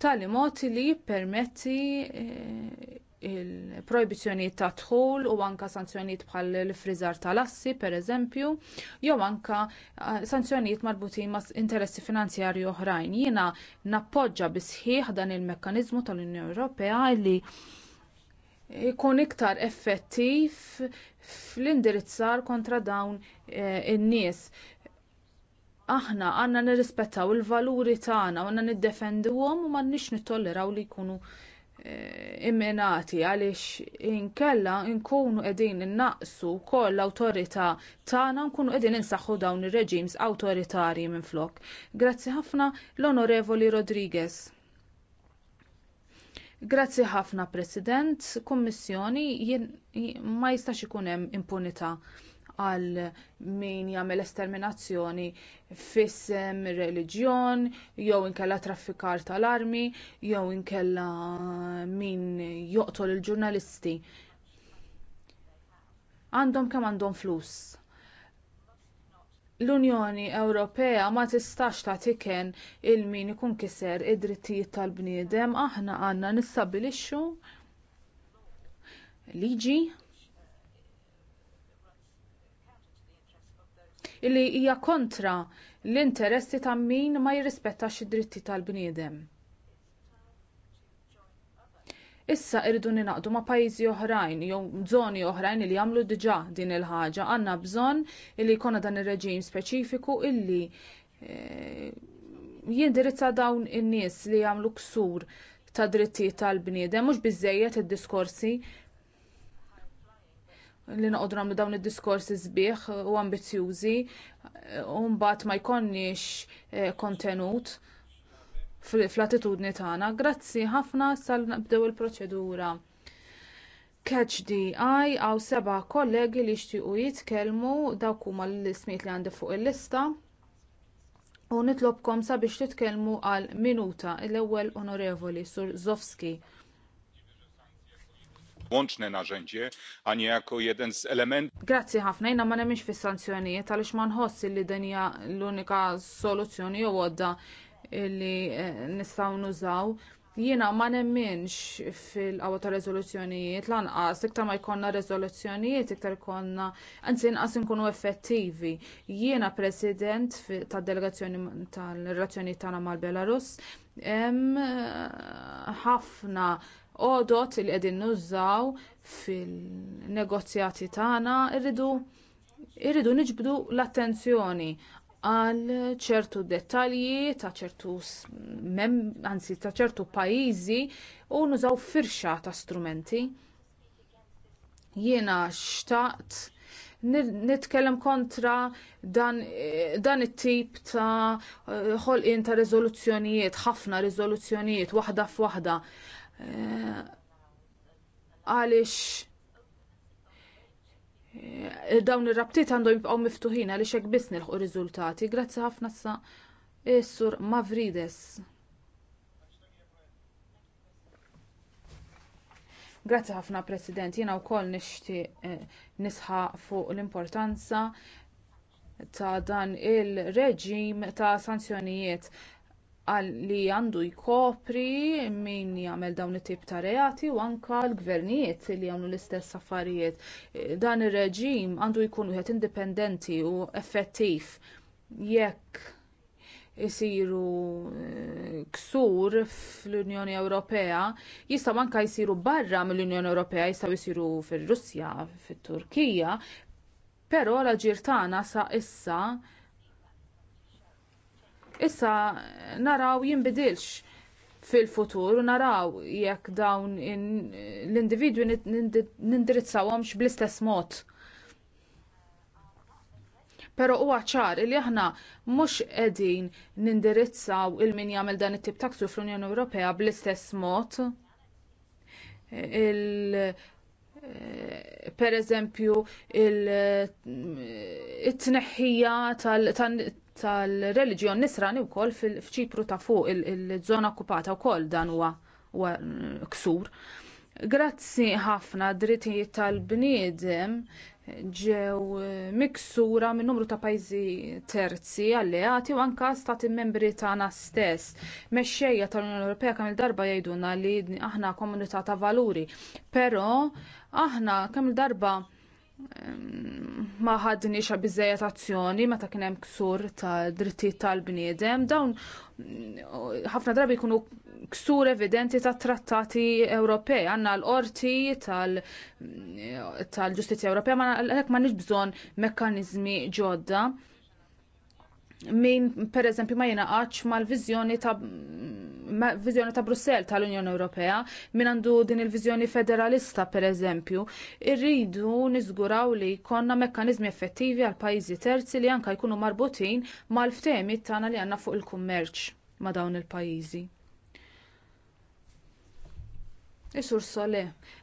b'tali mod li jippermetti eh, il-projbizzjonijiet ta' dħul u anke sanzjonijiet bħal l-friżar tal-assi pereżempju, jew anke eh, sanzjonijiet marbutin ma' interessi finanzjarji oħrajn. Jiena nappoġġa bi sħiħ dan il-mekkaniżmu tal-Unjoni Ewropea li jkun iktar effettiv fl-indirizzar kontra dawn eh, in-nies aħna għandna nirrispettaw il-valuri tagħna u għandna niddefenduhom u m'għandniex nittolleraw li jkunu eh, immenati għaliex inkella nkunu qegħdin innaqsu wkoll l-awtorità tagħna nkunu qegħdin insaħħu dawn ir-reġims awtoritarji minflok. Grazzi ħafna l-Onorevoli Rodriguez. Grazzi ħafna President, Kummissjoni ma jistax ikun hemm impunità għal min jagħmel esterminazzjoni fissem ir-reliġjon jew inkella traffikar tal-armi jew inkella min joqtol il-ġurnalisti. Għandhom kemm għandhom flus. L-Unjoni Ewropea ma tistax ta' tiken il-min ikun kiser id-drittijiet tal-bniedem aħna għandna nistabilixxu liġi Illi hija kontra l-interessi ta' min ma jirrispettax id-dritti tal-bniedem. Issa irridu ninaqdu ma' pajjiżi oħrajn jew żoni oħrajn li jagħmlu diġà din il-ħaġa għandna bżonn li jkollna dan ir-reġim speċifiku illi e, jindirizza dawn in-nies li jagħmlu ksur ta' drittijiet tal-bniedem mhux biżżejjed id-diskorsi li noqogħdu nagħmlu dawn id-diskorsi sbieħ u ambizzjużi u mbagħad ma jkollniex eh, kontenut fl-attitudni tagħna. Grazzi ħafna sal nabdew il-proċedura. Catch Eye għaw seba kollegi li jixtiequ jitkellmu dawk huma l-ismijiet li għandi fuq il-lista. U nitlobkom sabiex titkellmu għal minuta l-ewwel onorevoli Sur Zofski łączne narzędzie, a nie jako jeden z elementów. Grazzi ħafna jina ma nemmix fis sanzjonijiet għaliex ma nħossi li din hija l-unika soluzzjoni u għodda li eh, nistgħu nużaw. Jiena ma nemminx fil-qawwa ta' rezoluzzjonijiet lanqas iktar ma jkollna riżoluzzjonijiet iktar konna għanzi inqas nkunu effettivi. Jiena president tad-delegazzjoni tal-relazzjoni tagħna mal-Belarus hemm eh, ħafna għodot li qegħdin nużaw fil-negozjati tagħna irridu irridu niġbdu l-attenzjoni għal ċertu dettalji ta' ċertu mem, anzi ta' ċertu pajjiżi u nużaw firxa ta' strumenti. Jiena xtaqt nitkellem kontra dan, dan it-tip ta' ħolqien ta' riżoluzzjonijiet, ħafna riżoluzzjonijiet waħda f'waħda. Eh, għaliex eh, dawn ir-rabtiet għandhom jibqgħu miftuħin għaliex hekk biss nilħu riżultati. Grazzi ħafna sa sur Mavrides. Grazzi ħafna President, jiena wkoll nixtieq eh, nisħa fuq l-importanza ta' dan il reġim ta' sanzjonijiet li għandu jkopri min jagħmel dawn it-tip ta' reati u anke l-gvernijiet li jagħmlu l-istess affarijiet. Dan ir-reġim għandu jkun wieħed indipendenti u effettiv jekk isiru eh, ksur fl-Unjoni Ewropea, jistgħu anke jsiru barra mill-Unjoni Ewropea, jistgħu jsiru fir-Russja, fit-Turkija, però l-aġir tagħna sa issa issa naraw jinbidilx fil-futur u naraw jekk dawn l-individwi nindirizzawhom bl-istess mod. Però huwa ċar li aħna mhux qegħdin nindirizzaw il min jagħmel dan it-tip ta' fl-Unjoni Ewropea bl-istess mod. Per eżempju, il-tneħħija tal tal-reliġjon nisrani wkoll f'ċipru ta' fuq il-żona okkupata wkoll dan huwa ksur. Grazzi ħafna drittijiet tal-bniedem ġew miksura minn numru ta' pajjiżi terzi alleati u anke stati membri tagħna stess. Mexxejja tal-Unjoni Ewropea kemm il-darba jgħidulna li aħna komunità ta' valuri, però aħna kemm il-darba ma xa bizzejet azzjoni meta kien hemm ksur ta' drittijiet tal-bniedem dawn ħafna drabi jkunu ksur evidenti tat trattati Ewropej għandna l-qorti tal-ġustizzja Ewropea ma għalhekk m'għandniex bżonn mekkaniżmi ġodda min per eżempju ma jinaqax mal-vizjoni ta' ma vizjoni ta' Brussel tal-Unjoni Ewropea min għandu din il-vizjoni federalista per eżempju irridu niżguraw li jkollna mekkaniżmi effettivi għal pajjiżi terzi li anke jkunu marbutin mal-ftehmiet tagħna li għandna fuq il-kummerċ ma' dawn il-pajjiżi. Isur Sole,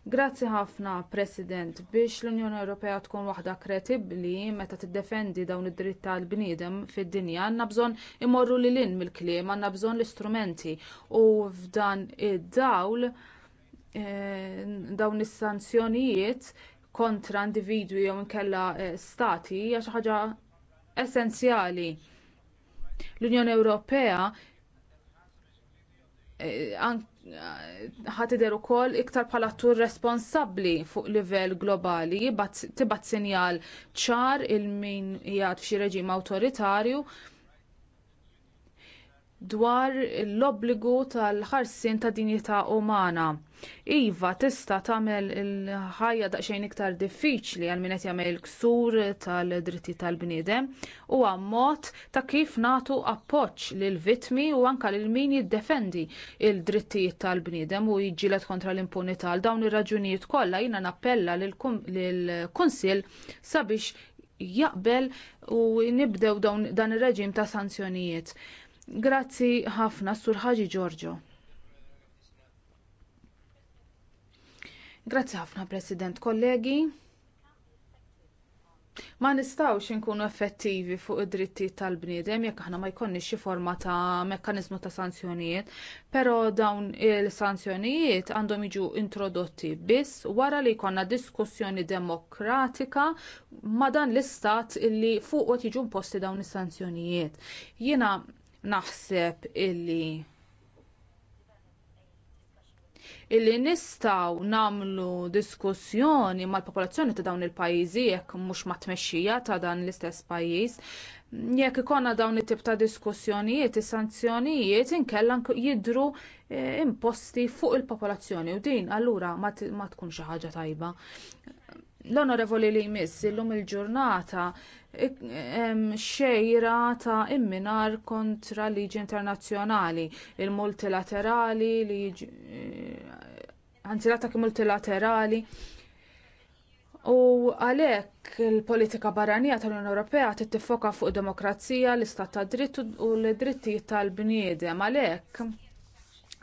grazzi ħafna President biex l-Unjoni Ewropea tkun waħda kredibbli meta tiddefendi dawn id-dritt tal-bniedem fid-dinja għandna bżonn imorru l-in mill-kliem, għandna bżonn l-istrumenti u f'dan id-dawl eh, dawn is-sanzjonijiet kontra individwi jew inkella eh, stati hija xi ħaġa essenzjali. L-Unjoni Ewropea eh, ħatider ukoll iktar bħala attur responsabbli fuq livell globali tibat sinjal ċar il min jgħad f'xi reġim awtoritarju dwar l-obbligu tal ħarsien ta' dinjità umana. Iva tista' tagħmel il-ħajja daqsxejn iktar diffiċli għal min qed jagħmel il-ksur tal-dritti tal-bniedem u mod ta' kif nagħtu appoġġ lil vittmi u anke lil min jiddefendi il-drittijiet tal-bniedem u jiġġieled kontra l-impunità għal dawn ir-raġunijiet kollha jiena nappella lill-Kunsill sabiex jaqbel u nibdew dan ir-reġim ta' sanzjonijiet. Grazzi ħafna Sur Ħaġi Giorgio. Grazzi ħafna President kollegi. Ma nistawx inkunu effettivi fuq id-drittijiet tal-bniedem jekk aħna ma jkollniex xi forma ta' mekkaniżmu ta' sanzjonijiet, però dawn il-sanzjonijiet għandhom jiġu introdotti biss wara li jkollna diskussjoni demokratika ma' dan l-istat illi fuq qed jiġu imposti dawn is-sanzjonijiet. Jiena naħseb illi illi nistgħu nagħmlu diskussjoni mal-popolazzjoni ta' dawn il-pajjiżi jekk mhux ma' tmexxija ta' dan l-istess pajjiż. Jekk ikollna dawn it-tip ta' diskussjonijiet, is-sanzjonijiet inkella jidhru eh, imposti fuq il-popolazzjoni u din allura ma tkun xi ħaġa tajba. L-onorevoli li jmiss illum il-ġurnata xejra ta' imminar kontra liġi internazzjonali, il-multilaterali, liġi eh, l-attak multilaterali. U għalhekk il-politika barranija tal-Unjoni Ewropea trid tiffoka fuq demokrazija, l-istat ta' dritt u l-drittijiet tal-bniedem. Għalhekk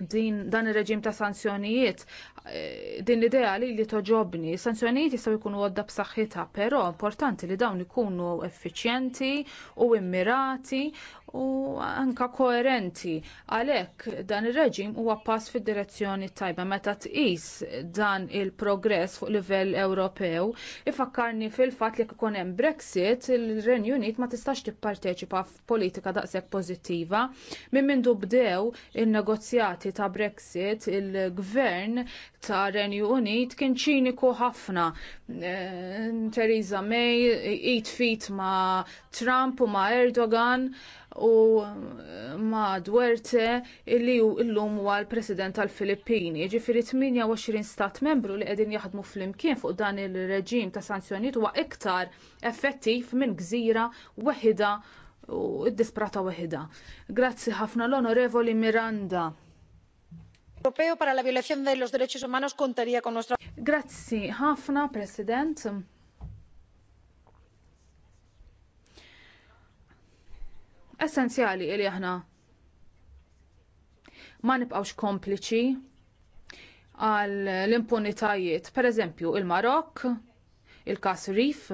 din dan ir-reġim ta' sanzjonijiet eh, din l-idea li li toġobni. Sanzjonijiet jistgħu jkunu għodda b'saħħitha, però importanti li dawn ikunu effiċjenti u immirati u anke koerenti. Għalhekk dan ir-reġim huwa pass fid-direzzjoni tajba meta tqis dan il-progress fuq livell Ewropew. Ifakkarni fil-fatt li ikun hemm Brexit, il-Renju Unit ma tistax tipparteċipa f'politika daqshekk pożittiva. Minn mindu bdew in-negozjati ta' Brexit, il-gvern ta' Renju Unit kien ċiniku ħafna. Eh, Theresa May, 8 feet ma' Trump u ma' Erdogan u ma Dwerte illi hu llum huwa l-President tal-Filippini. Ġifieri 28 stat membru li qegħdin jaħdmu flimkien fuq dan ir-reġim ta' sanzjonijiet huwa iktar effettiv minn gżira weħida u id-disprata weħida. Grazzi ħafna l-Onorevoli Miranda. Europeo para la violación de los derechos humanos contaría con nuestra Grazzi ħafna, President essenzjali li aħna ma nibqgħux kompliċi għal l-impunitajiet, pereżempju il marok il-Kas Rif,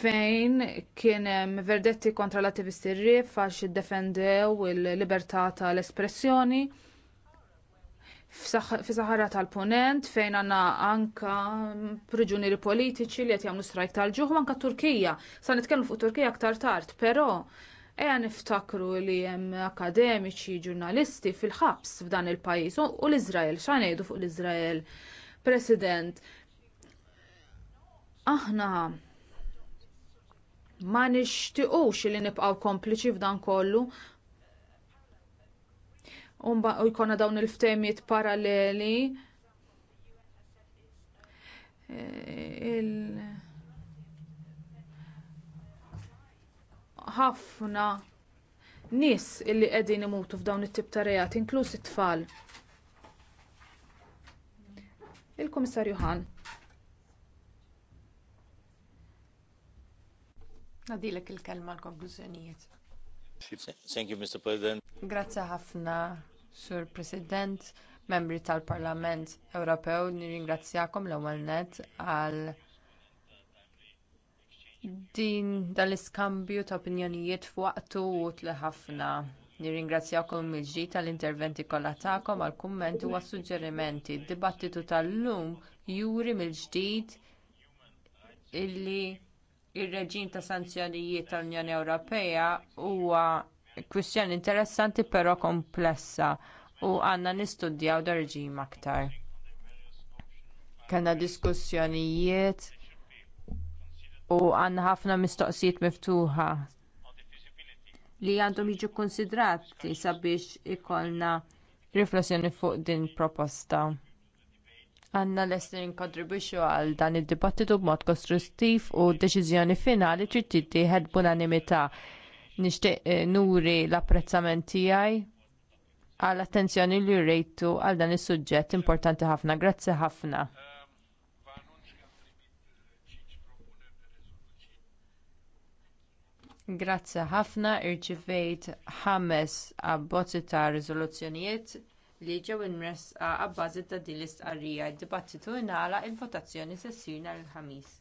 fejn kien hemm verdetti kontra l-attivisti rif għax iddefendew il-libertà tal-espressjoni fi saħara tal-Punent fejn għandna anka priġunieri politiċi li qed jagħmlu strajk tal-ġuħ anka Turkija. Sa nitkellmu fuq Turkija aktar tard, però eja niftakru li hemm akademiċi, ġurnalisti fil-ħabs f'dan il-pajjiż u l-Iżrael, xa ngħidu fuq l-Iżrael, President. Aħna ma nixtiequx li nibqgħu kompliċi f'dan kollu, Umba u jkona dawn il-ftemiet paralleli. E, ħafna nies illi qegħdin imutu f'dawn it-tip ta' reat, inkluż it-tfal. Il-Kummissarju Hahn. Nadilek il-kelma l-konklużjonijiet. Thank you, Mr. President. Grazzi ħafna, Sur President, membri tal-Parlament Ewropew, nirringrazzjakom l-ewwel nett għal din l-iskambju ta' opinjonijiet f'waqtu utli ħafna. Nirringrazzjakom mill-ġdid tal-interventi kollha tagħkom għall kummenti u għas-suġġerimenti. Id-dibattitu tal-lum juri mill-ġdid illi r il reġim ta' sanzjonijiet tal-Unjoni Ewropea huwa kwistjoni interessanti però komplessa u għandna nistudjaw darġim aktar. Kellna diskussjonijiet u għandna ħafna mistoqsijiet miftuħa li għandhom jiġu kkunsidrati sabiex ikollna riflessjoni fuq din proposta. Għanna lesti ninkontribwixxu għal dan id-dibattitu b'mod kostruttiv u d deċiżjoni finali trid tittieħed b'unanimità. Nixtieq eh, nuri l-apprezzament tiegħi għall attenzjoni li rejtu għal dan is-suġġett importanti ħafna. Grazzi ħafna. Grazzi ħafna irċivejt ħames abbozzi ta' riżoluzzjonijiet li ġew imresqa abbażi ta' din l-istqarrija. Id-dibattitu ingħalaq il-votazzjoni se ssir nhar il-ħamis.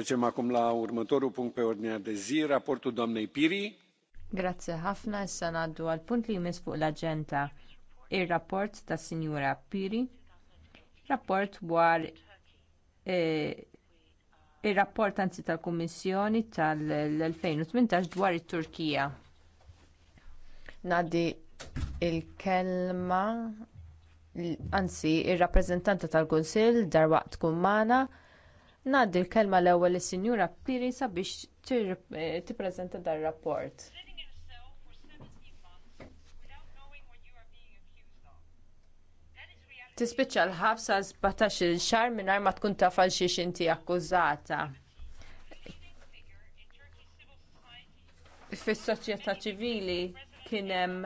Trecem la Piri. Grazzi ħafna issa ngħaddu għal punt li jmiss fuq l-aġenda ir-rapport tas Sinjura Piri. Rapport dwar eh, ir-rapport anzi tal-Kummissjoni tal-2018 dwar it-Turkija. Nadi il-kelma anzi ir-rappreżentanta tal-Kunsill darwaqt tkun Ngħaddi l-kelma l-ewwel lis-Sinjura Piri sabiex eh, tippreżenta dan ir-rapport. Tispiċċa l-ħabs għal il xahar mingħajr ma tkun taf għal xiex inti akkużata. Fis-soċjetà ċivili kien hemm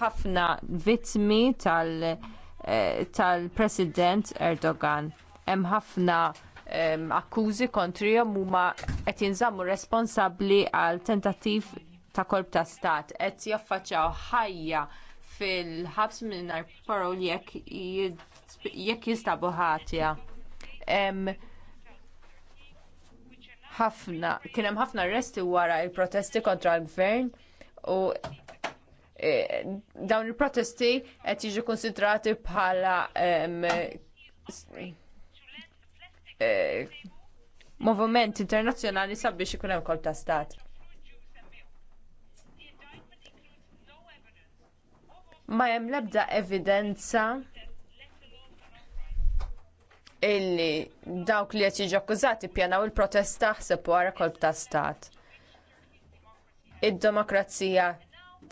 ħafna vittmi eh, tal-President Erdogan. Hemm ħafna akkużi kontrihom huma qed jinżammu responsabbli għal tentattiv ta' kolb ta' stat qed jaffaċċjaw ħajja fil-ħabs mingħajr parol jekk jinstabu ħatja. Ħafna, kien hemm ħafna arresti wara l protesti kontra l-gvern u e, dawn il-protesti qed jiġu konsidrati bħala Eh, moviment internazzjonali sabiex ikun hemm kol ta' stat. Ma hemm l-ebda evidenza illi dawk li qed jiġu akkużati pjanaw il-protesta ħseb wara kolb ta' stat. Id-demokrazija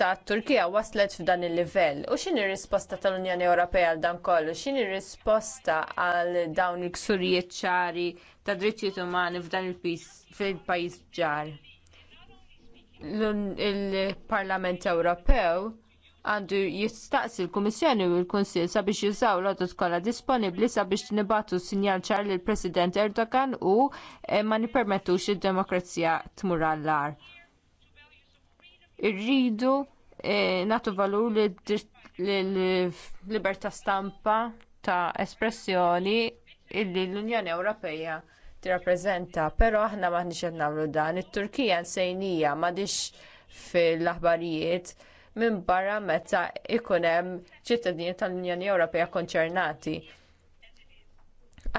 ta' Turkija waslet f'dan il-livell. U x'inhi r-risposta tal-Unjoni Ewropea għal dan kollu? X'inhi r-risposta għal dawn il-ksurijiet ċari ta' drittijiet umani f'dan il-pajjiż ġar? Il-Parlament Ewropew għandu jistaqsi l-Kummissjoni u l kunsill sabiex jużaw l-għodot kollha disponibbli sabiex nibatu sinjal ċar lill President Erdogan u eh, ma nippermettux id-demokrazija tmur għall-ar. Irridu eh, nagħtu valur l-libertà stampa ta' espressjoni illi l-Unjoni Ewropea tirrappreżenta, però aħna m'aħniex qed nagħmlu dan. It-Turkija nsejnija m'għadix fil-aħbarijiet minn barra meta ikun hemm ċittadini tal-Unjoni Ewropea konċernati.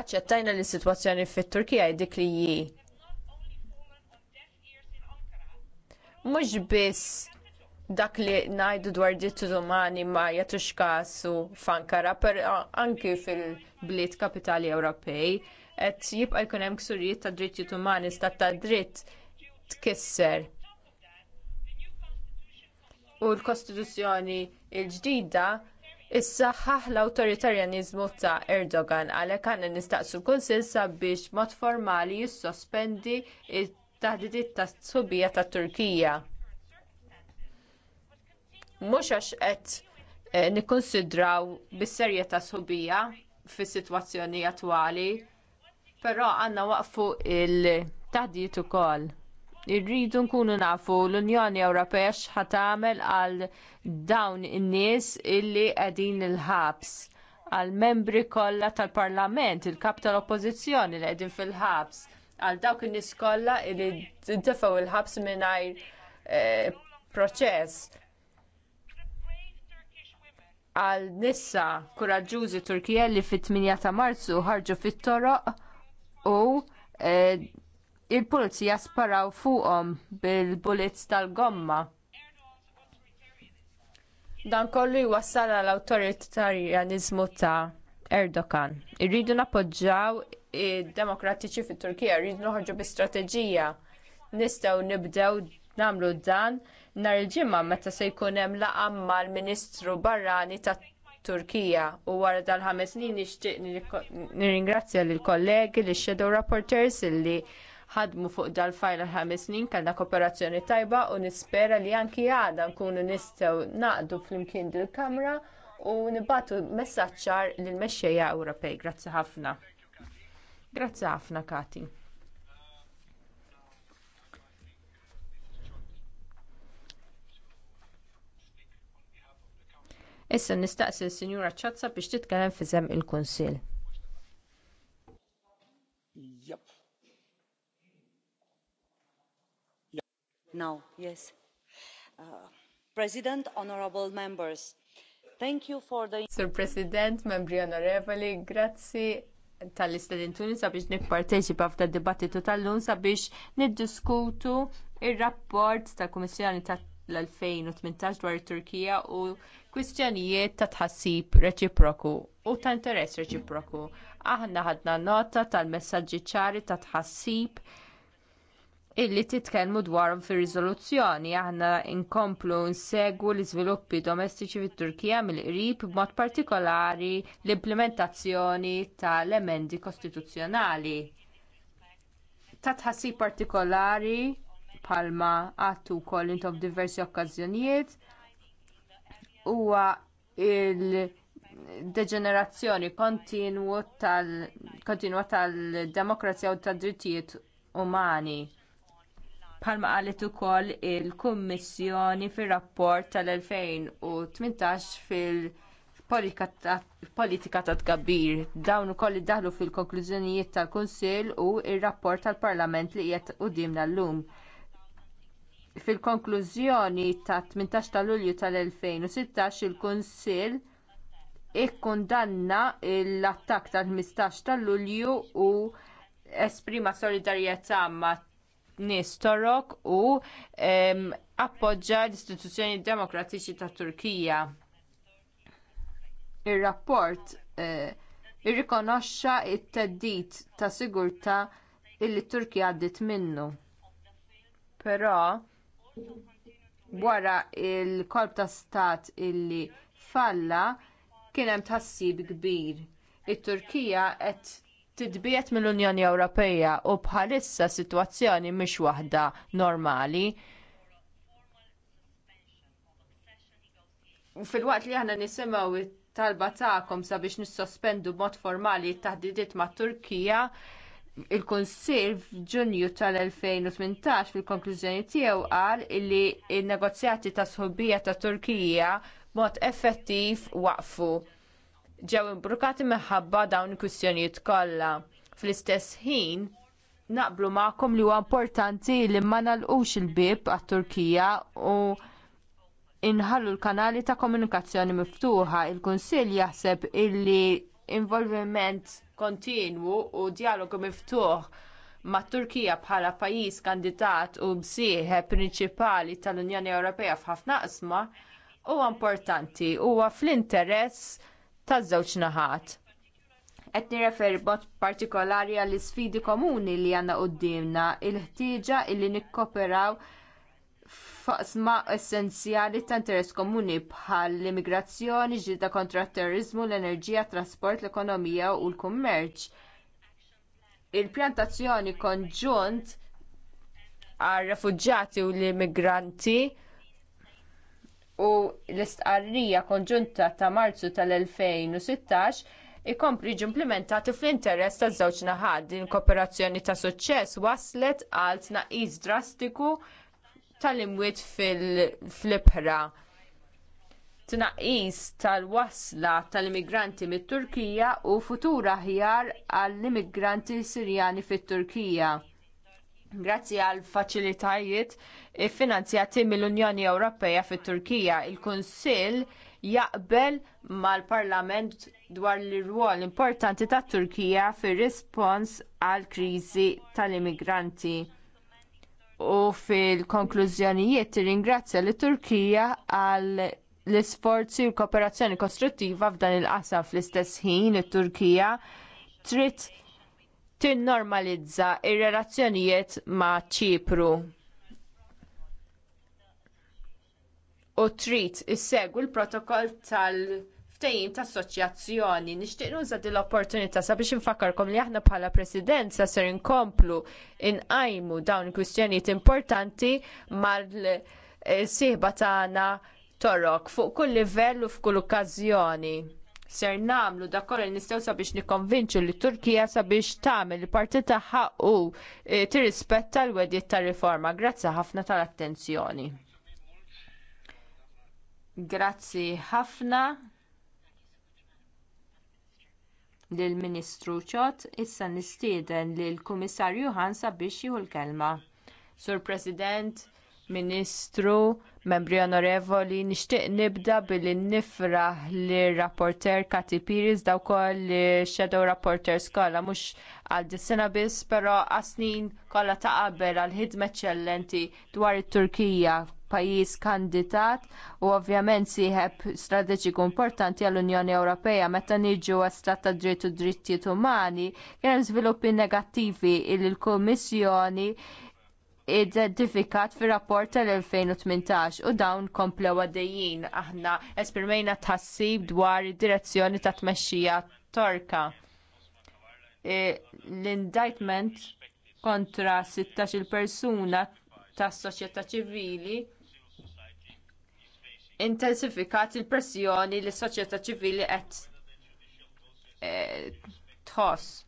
Aċċettajna li s-sitwazzjoni fit-Turkija dik li mhux biss dak li ngħidu dwar diritti umani ma jagħtux kasu f'Ankara, per anki fil-bliet kapitali Ewropej, qed jibqa' jkun hemm ksurijiet ta' drittijiet umani stat ta' dritt tkisser. U l-Kostituzzjoni l-ġdida issaħħaħ l-awtoritarjaniżmu ta' Erdogan għalhekk għandna nistaqsu l-Kunsill sabiex mod formali jissospendi t taħdidiet ta' subija ta' Turkija. Mhux għax qed eh, nikkonsidraw bis-serjetà subija fis-sitwazzjoni attwali, però għandna waqfu il-taħdiet ukoll. Irridu nkunu nafu l-Unjoni Ewropea x'ħat tagħmel għal dawn in-nies illi qegħdin il-ħabs għal membri kollha tal-Parlament, il-kap tal-Oppożizzjoni li qegħdin fil-ħabs għal dawk in-nies kollha li ntefgħu il-ħabs mingħajr eh, proċess għal nissa kuraġġużi Turkija li fit-8 ta' Marzu ħarġu fit-toroq u eh, il-pulizija sparaw fuqhom bil-bullets tal-gomma. Dan kollu jwassal għall awtoritarjaniżmu ta' Erdogan. Irridu napoġġaw id-demokratiċi fit-Turkija, irridu noħorġu bi strateġija. Nistgħu nibdew nagħmlu dan nhar il-ġimgħa meta se jkun hemm laqgħa mal-Ministru Barrani tat-Turkija u wara dal-ħames snin nixtieq nirringrazzja lill kollegi li shadow rapporteurs li ħadmu fuq dal-fajl ħames snin kellna kooperazzjoni tajba u nispera li anki għada nkunu nistgħu naqdu flimkien dil-Kamra u nibatu messaċċar lill mexxejja Ewropej. Grazzi ħafna. Grazzi ħafna Kati. Issa nistaqsi l-Sinjura Ċazza biex titkellem fi żemm il-Kunsill. Yep. Now, yes. Uh, President, honorable members, Thank you for the... Sir President, membri onorevoli, grazzi tal istadintuni sabiex nipparteċipa f'da dibattitu tal-lum sabiex niddiskutu il rapport tal-Kummissjoni tal-2018 dwar it-Turkija u kwistjonijiet ta' tħassib reċiproku u ta' interess reċiproku. Aħna ħadna nota tal-messaġġi ċari ta' tħassib illi titkellmu dwarhom fir-riżoluzzjoni aħna nkomplu nsegwu l-iżviluppi domestiċi fit-Turkija mill-qrib b'mod partikolari l-implementazzjoni tal-emendi kostituzzjonali. Ta' tħassib partikolari bħalma għattu wkoll intom diversi okkażjonijiet huwa il- deġenerazzjoni kontinwa tal-demokrazija u tad-drittijiet umani bħalma qalet ukoll il-Kummissjoni fir-rapport tal-2018 fil-politika ta' tkabbir. Dawn ukoll iddaħlu fil-konklużjonijiet tal-Kunsill u r rapport tal-Parlament li qiegħed qudiemna llum. Fil-konklużjoni ta' 18 ta' Lulju tal-2016 il-Kunsill ikkundanna l-attakk tal-15 ta' Lulju u esprima solidarjetà mat nies torok u appoġġa l-istituzzjoni demokratiċi tat Turkija. Ir-rapport eh, irrikonoxxa t teddid ta' sigurtà li t Turkija għaddiet minnu. Però wara l kolb ta' stat illi falla kien hemm tħassib kbir. It-Turkija qed titbiet mill-Unjoni Ewropea u bħalissa sitwazzjoni mhix waħda normali. Fil-waqt li aħna nisimgħu talba tagħkom sabiex nissospendu b'mod formali t-taħdidiet mat Turkija, il-Kunsill f'Ġunju tal-2018 fil-konklużjoni tiegħu qal li n negozjati ta' sħubija ta' Turkija b'mod effettiv waqfu ġew imbrukati minħabba dawn il-kwistjonijiet kollha. Fl-istess ħin, naqblu magħkom li huwa importanti li ma nagħlqux il-bib għat-Turkija u inħallu l-kanali ta' komunikazzjoni miftuħa. Il-Kunsill jaħseb illi involviment kontinwu u dijalogu miftuħ mat Turkija bħala pajjiż kandidat u bsieħe prinċipali tal-Unjoni Ewropea f'ħafna qisma huwa importanti huwa fl-interess taż-żewġ naħat. Qed nirreferi b'mod partikolari għall isfidi komuni li għandna quddiemna il-ħtieġa li nikkoperaw faqsma essenzjali ta' interess komuni bħal l-immigrazzjoni, ġilda kontra t terrorizmu, l-enerġija, t trasport, l-ekonomija u l-kummerċ. Il-pjantazzjoni konġunt għar refuġġati u l-immigranti u l-istqarrija konġunta ta' Marzu tal-2016 ikompli ġi implementati fl-interess taż-żewġ naħad. Din kooperazzjoni ta' suċċess waslet għal tnaqqis drastiku tal-imwiet fl ibħra Tnaqqis tal-wasla tal-immigranti mit-Turkija u futura aħjar għall-immigranti Sirjani fit-Turkija. Grazzi għal faċilitajiet finanzjati mill-Unjoni Ewropea fit-Turkija, il-Kunsill jaqbel mal-Parlament dwar l-rwol importanti tat Turkija fir-rispons għall kriżi tal-immigranti. U fil-konklużjonijiet tirringrazzja lit Turkija għal l-isforzi u l-kooperazzjoni kostruttiva f'dan il-qasam fl-istess ħin it-Turkija trid tinnormalizza r relazzjonijiet ma' ċipru. U trid issegwi l-protokoll tal- ftehim ta' assoċjazzjoni. Nixtieq nuża din l-opportunità sabiex infakkarkom li aħna bħala presidenza ser inkomplu inqajmu dawn il-kwistjonijiet importanti mal-sieħba tagħna torok fuq kull livell u f'kull okkażjoni ser nagħmlu dak li nistgħu sabiex nikkonvinċu li Turkija sabiex tagħmel il-parti tagħha u eh, tirrispetta l-wedjiet tar riforma. Grazzi ħafna tal-attenzjoni. Grazzi ħafna lill ministru Ċot issa nistieden lill-Kummissarju Hansa biex jieħu l-kelma. Sur President, Ministru, membri onorevoli, nixtieq nibda billi nifraħ lir rapporter Kati Piris daw koll li shadow rapporters kollha mhux għal dis-sena biss, però għas-snin kollha ta' qabel għal ħidma eċċellenti dwar it-Turkija pajjiż kandidat u ovvjament sieħeb strateġiku importanti għall-Unjoni Ewropea meta niġu għastrat ta' dritt u drittijiet umani kien hemm żviluppi negattivi li l-Kummissjoni identifikat fir rapport tal-2018 u dawn komplew għaddejjin aħna esprimejna tħassib dwar id-direzzjoni ta' tmexxija torka. E, l-indictment kontra 16 persuna tas soċjetà ċivili intensifikat il-pressjoni li s soċjetà ċivili qed e, tħoss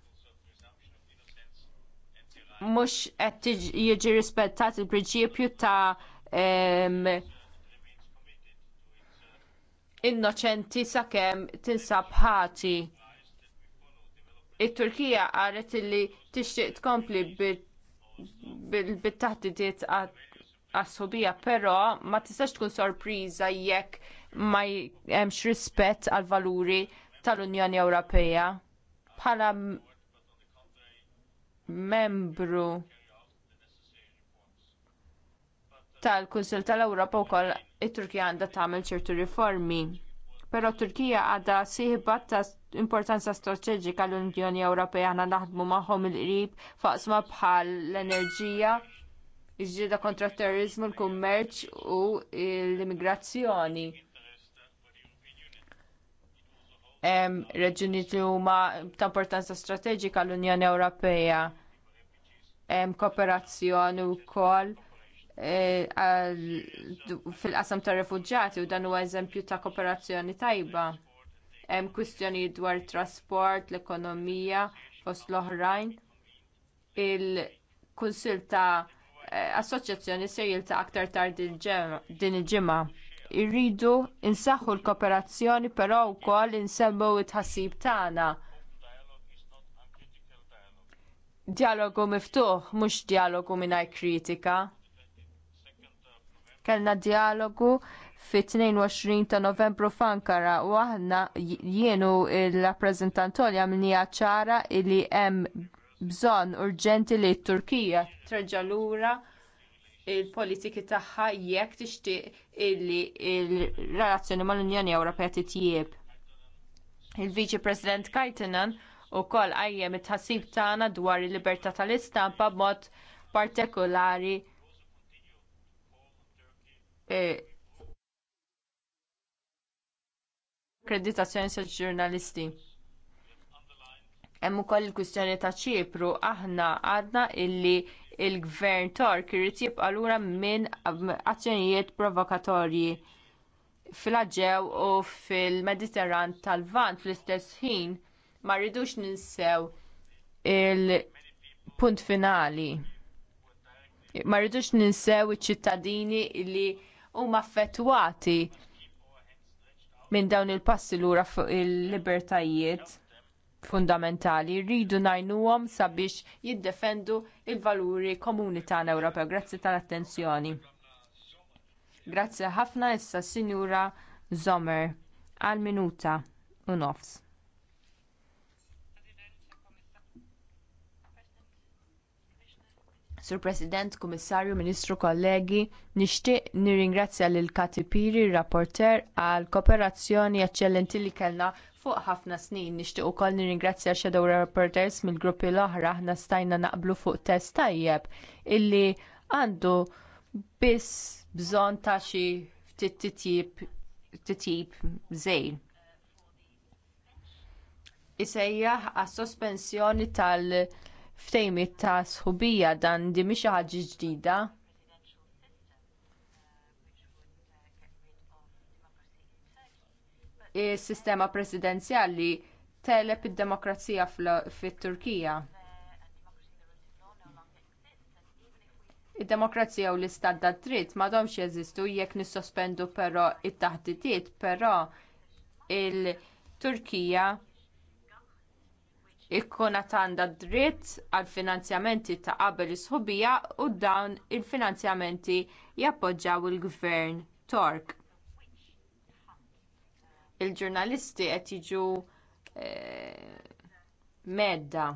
mhux qed jiġi rispettat il-prinċipju ta' innoċenti sakemm tinsab ħati. It-Turkija qalet li tixtieq tkompli bit-taħdidiet għas-subija, però ma tistax tkun sorpriża jekk ma hemmx rispett għall valuri tal-Unjoni Ewropea. Bħala membru tal-Kunsil tal-Ewropa wkoll it-Turkija għandha tagħmel ċertu riformi. Però t Turkija għadha sieħba ta' importanza strateġika l-Unjoni Ewropea aħna naħdmu magħhom il-qrib faqsma bħal l-enerġija, iż-ġieda kontra t terrorizmu, l-kummerċ u l-immigrazzjoni reġuni li huma ta' importanza strateġika l-Unjoni Ewropea hemm kooperazzjoni wkoll eh, fil-qasam tar refuġġati u dan huwa eżempju ta' kooperazzjoni tajba. Hemm kwistjonijiet dwar it trasport, l-ekonomija fost l-oħrajn. Il-Kunsil ta' eh, Assoċjazzjoni se jilta' aktar tard din il-ġimgħa irridu insaħħu l-kooperazzjoni però wkoll insemmu t-ħassib tagħna. Dialogu miftuħ mhux dialogu mingħajr kritika. Kellna dialogu fit-22 ta' Novembru f'Ankara u aħna jienu l-rappreżentant Olja ċara li hemm bżonn urġenti li t-Turkija treġa' lura il-politiki tagħha jekk tixtieq illi il-relazzjoni mal-Unjoni Ewropea titjieb. Il-Viċi President Kajtinan ukoll qajjem it-tħassib tagħna dwar il-libertà tal-istampa b'mod partikolari e, akkreditazzjoni e... tal-ġurnalisti. Hemm ukoll il-kwistjoni ta' Ċipru aħna għadna illi il-gvern Tork irid jibqa' lura minn azzjonijiet provokatorji fl aġew u fil-Mediterran tal-Vant fl-istess ħin ma rridux ninsew il-punt finali. Ma rridux ninsew iċ-ċittadini li huma affettwati minn dawn il-passi lura fuq il-libertajiet fundamentali rridu ngħinuhom sabiex jiddefendu l valuri komuni tagħna Ewropew. Grazzi tal-attenzjoni. Grazzi ħafna issa Sinjura Zomer għal minuta u nofs. Sur President, Kummissarju, Ministru, kollegi, nixtieq nirringrazzja lil Katipiri rapporter, għal kooperazzjoni eċċellenti li kellna fuq ħafna snin nixtieq ukoll nirringrazzja Shadow Reporters mill-gruppi l-oħra aħna stajna naqblu fuq test tajjeb illi għandu biss bżonn ta' xi titjib titjib żejr. Isejjaħ għas sospensjoni tal-ftejmit ta' sħubija dan di xi ħaġa ġdida is-sistema presidenzjali telep id-demokrazija fit-Turkija. Id-demokrazija u l-istat tad dritt m'għadhomx jeżistu jekk nissospendu però t taħdidiet però il-Turkija ikkun għandha dritt għal finanzjamenti ta' qabel is-sħubija u dawn il-finanzjamenti jappoġġjaw il-gvern Tork il-ġurnalisti qed jiġu eh, medda.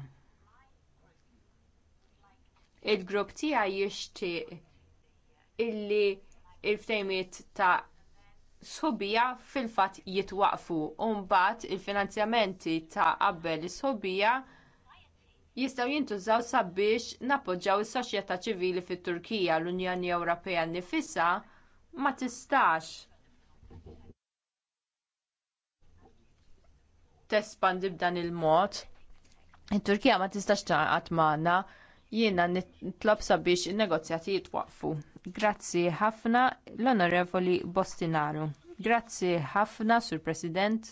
Il-grupp tiegħi jixtieq illi l ftejmiet ta' Sħubija fil-fatt jitwaqfu u mbagħad il-finanzjamenti ta' qabel is-sħobija jistgħu jintużaw sabiex nappoġġjaw is-soċjetà ċivili fit-Turkija l-Unjoni Ewropea nifisha ma tistax tespandi b'dan il-mod. Il-Turkija ma tistax taqgħat magħna jiena nitlob sabiex in-negozjati jitwaqfu. Grazzi ħafna l-Onorevoli Bostinaru. Grazzi ħafna, Sur President.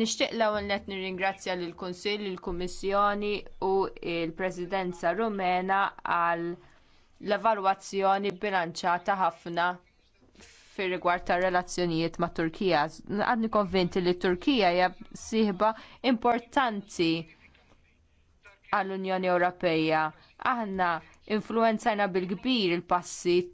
Nixtieq l-ewwel nir nirringrazzja lill kunsill il-Kummissjoni u l-Presidenza Rumena għal l-evalwazzjoni bilanċata ħafna fir rigward tar relazzjonijiet mat Turkija. Għadni konvinti li Turkija hija sieħba importanti għall-Unjoni Ewropea. Aħna influenzajna bil-kbir il-passi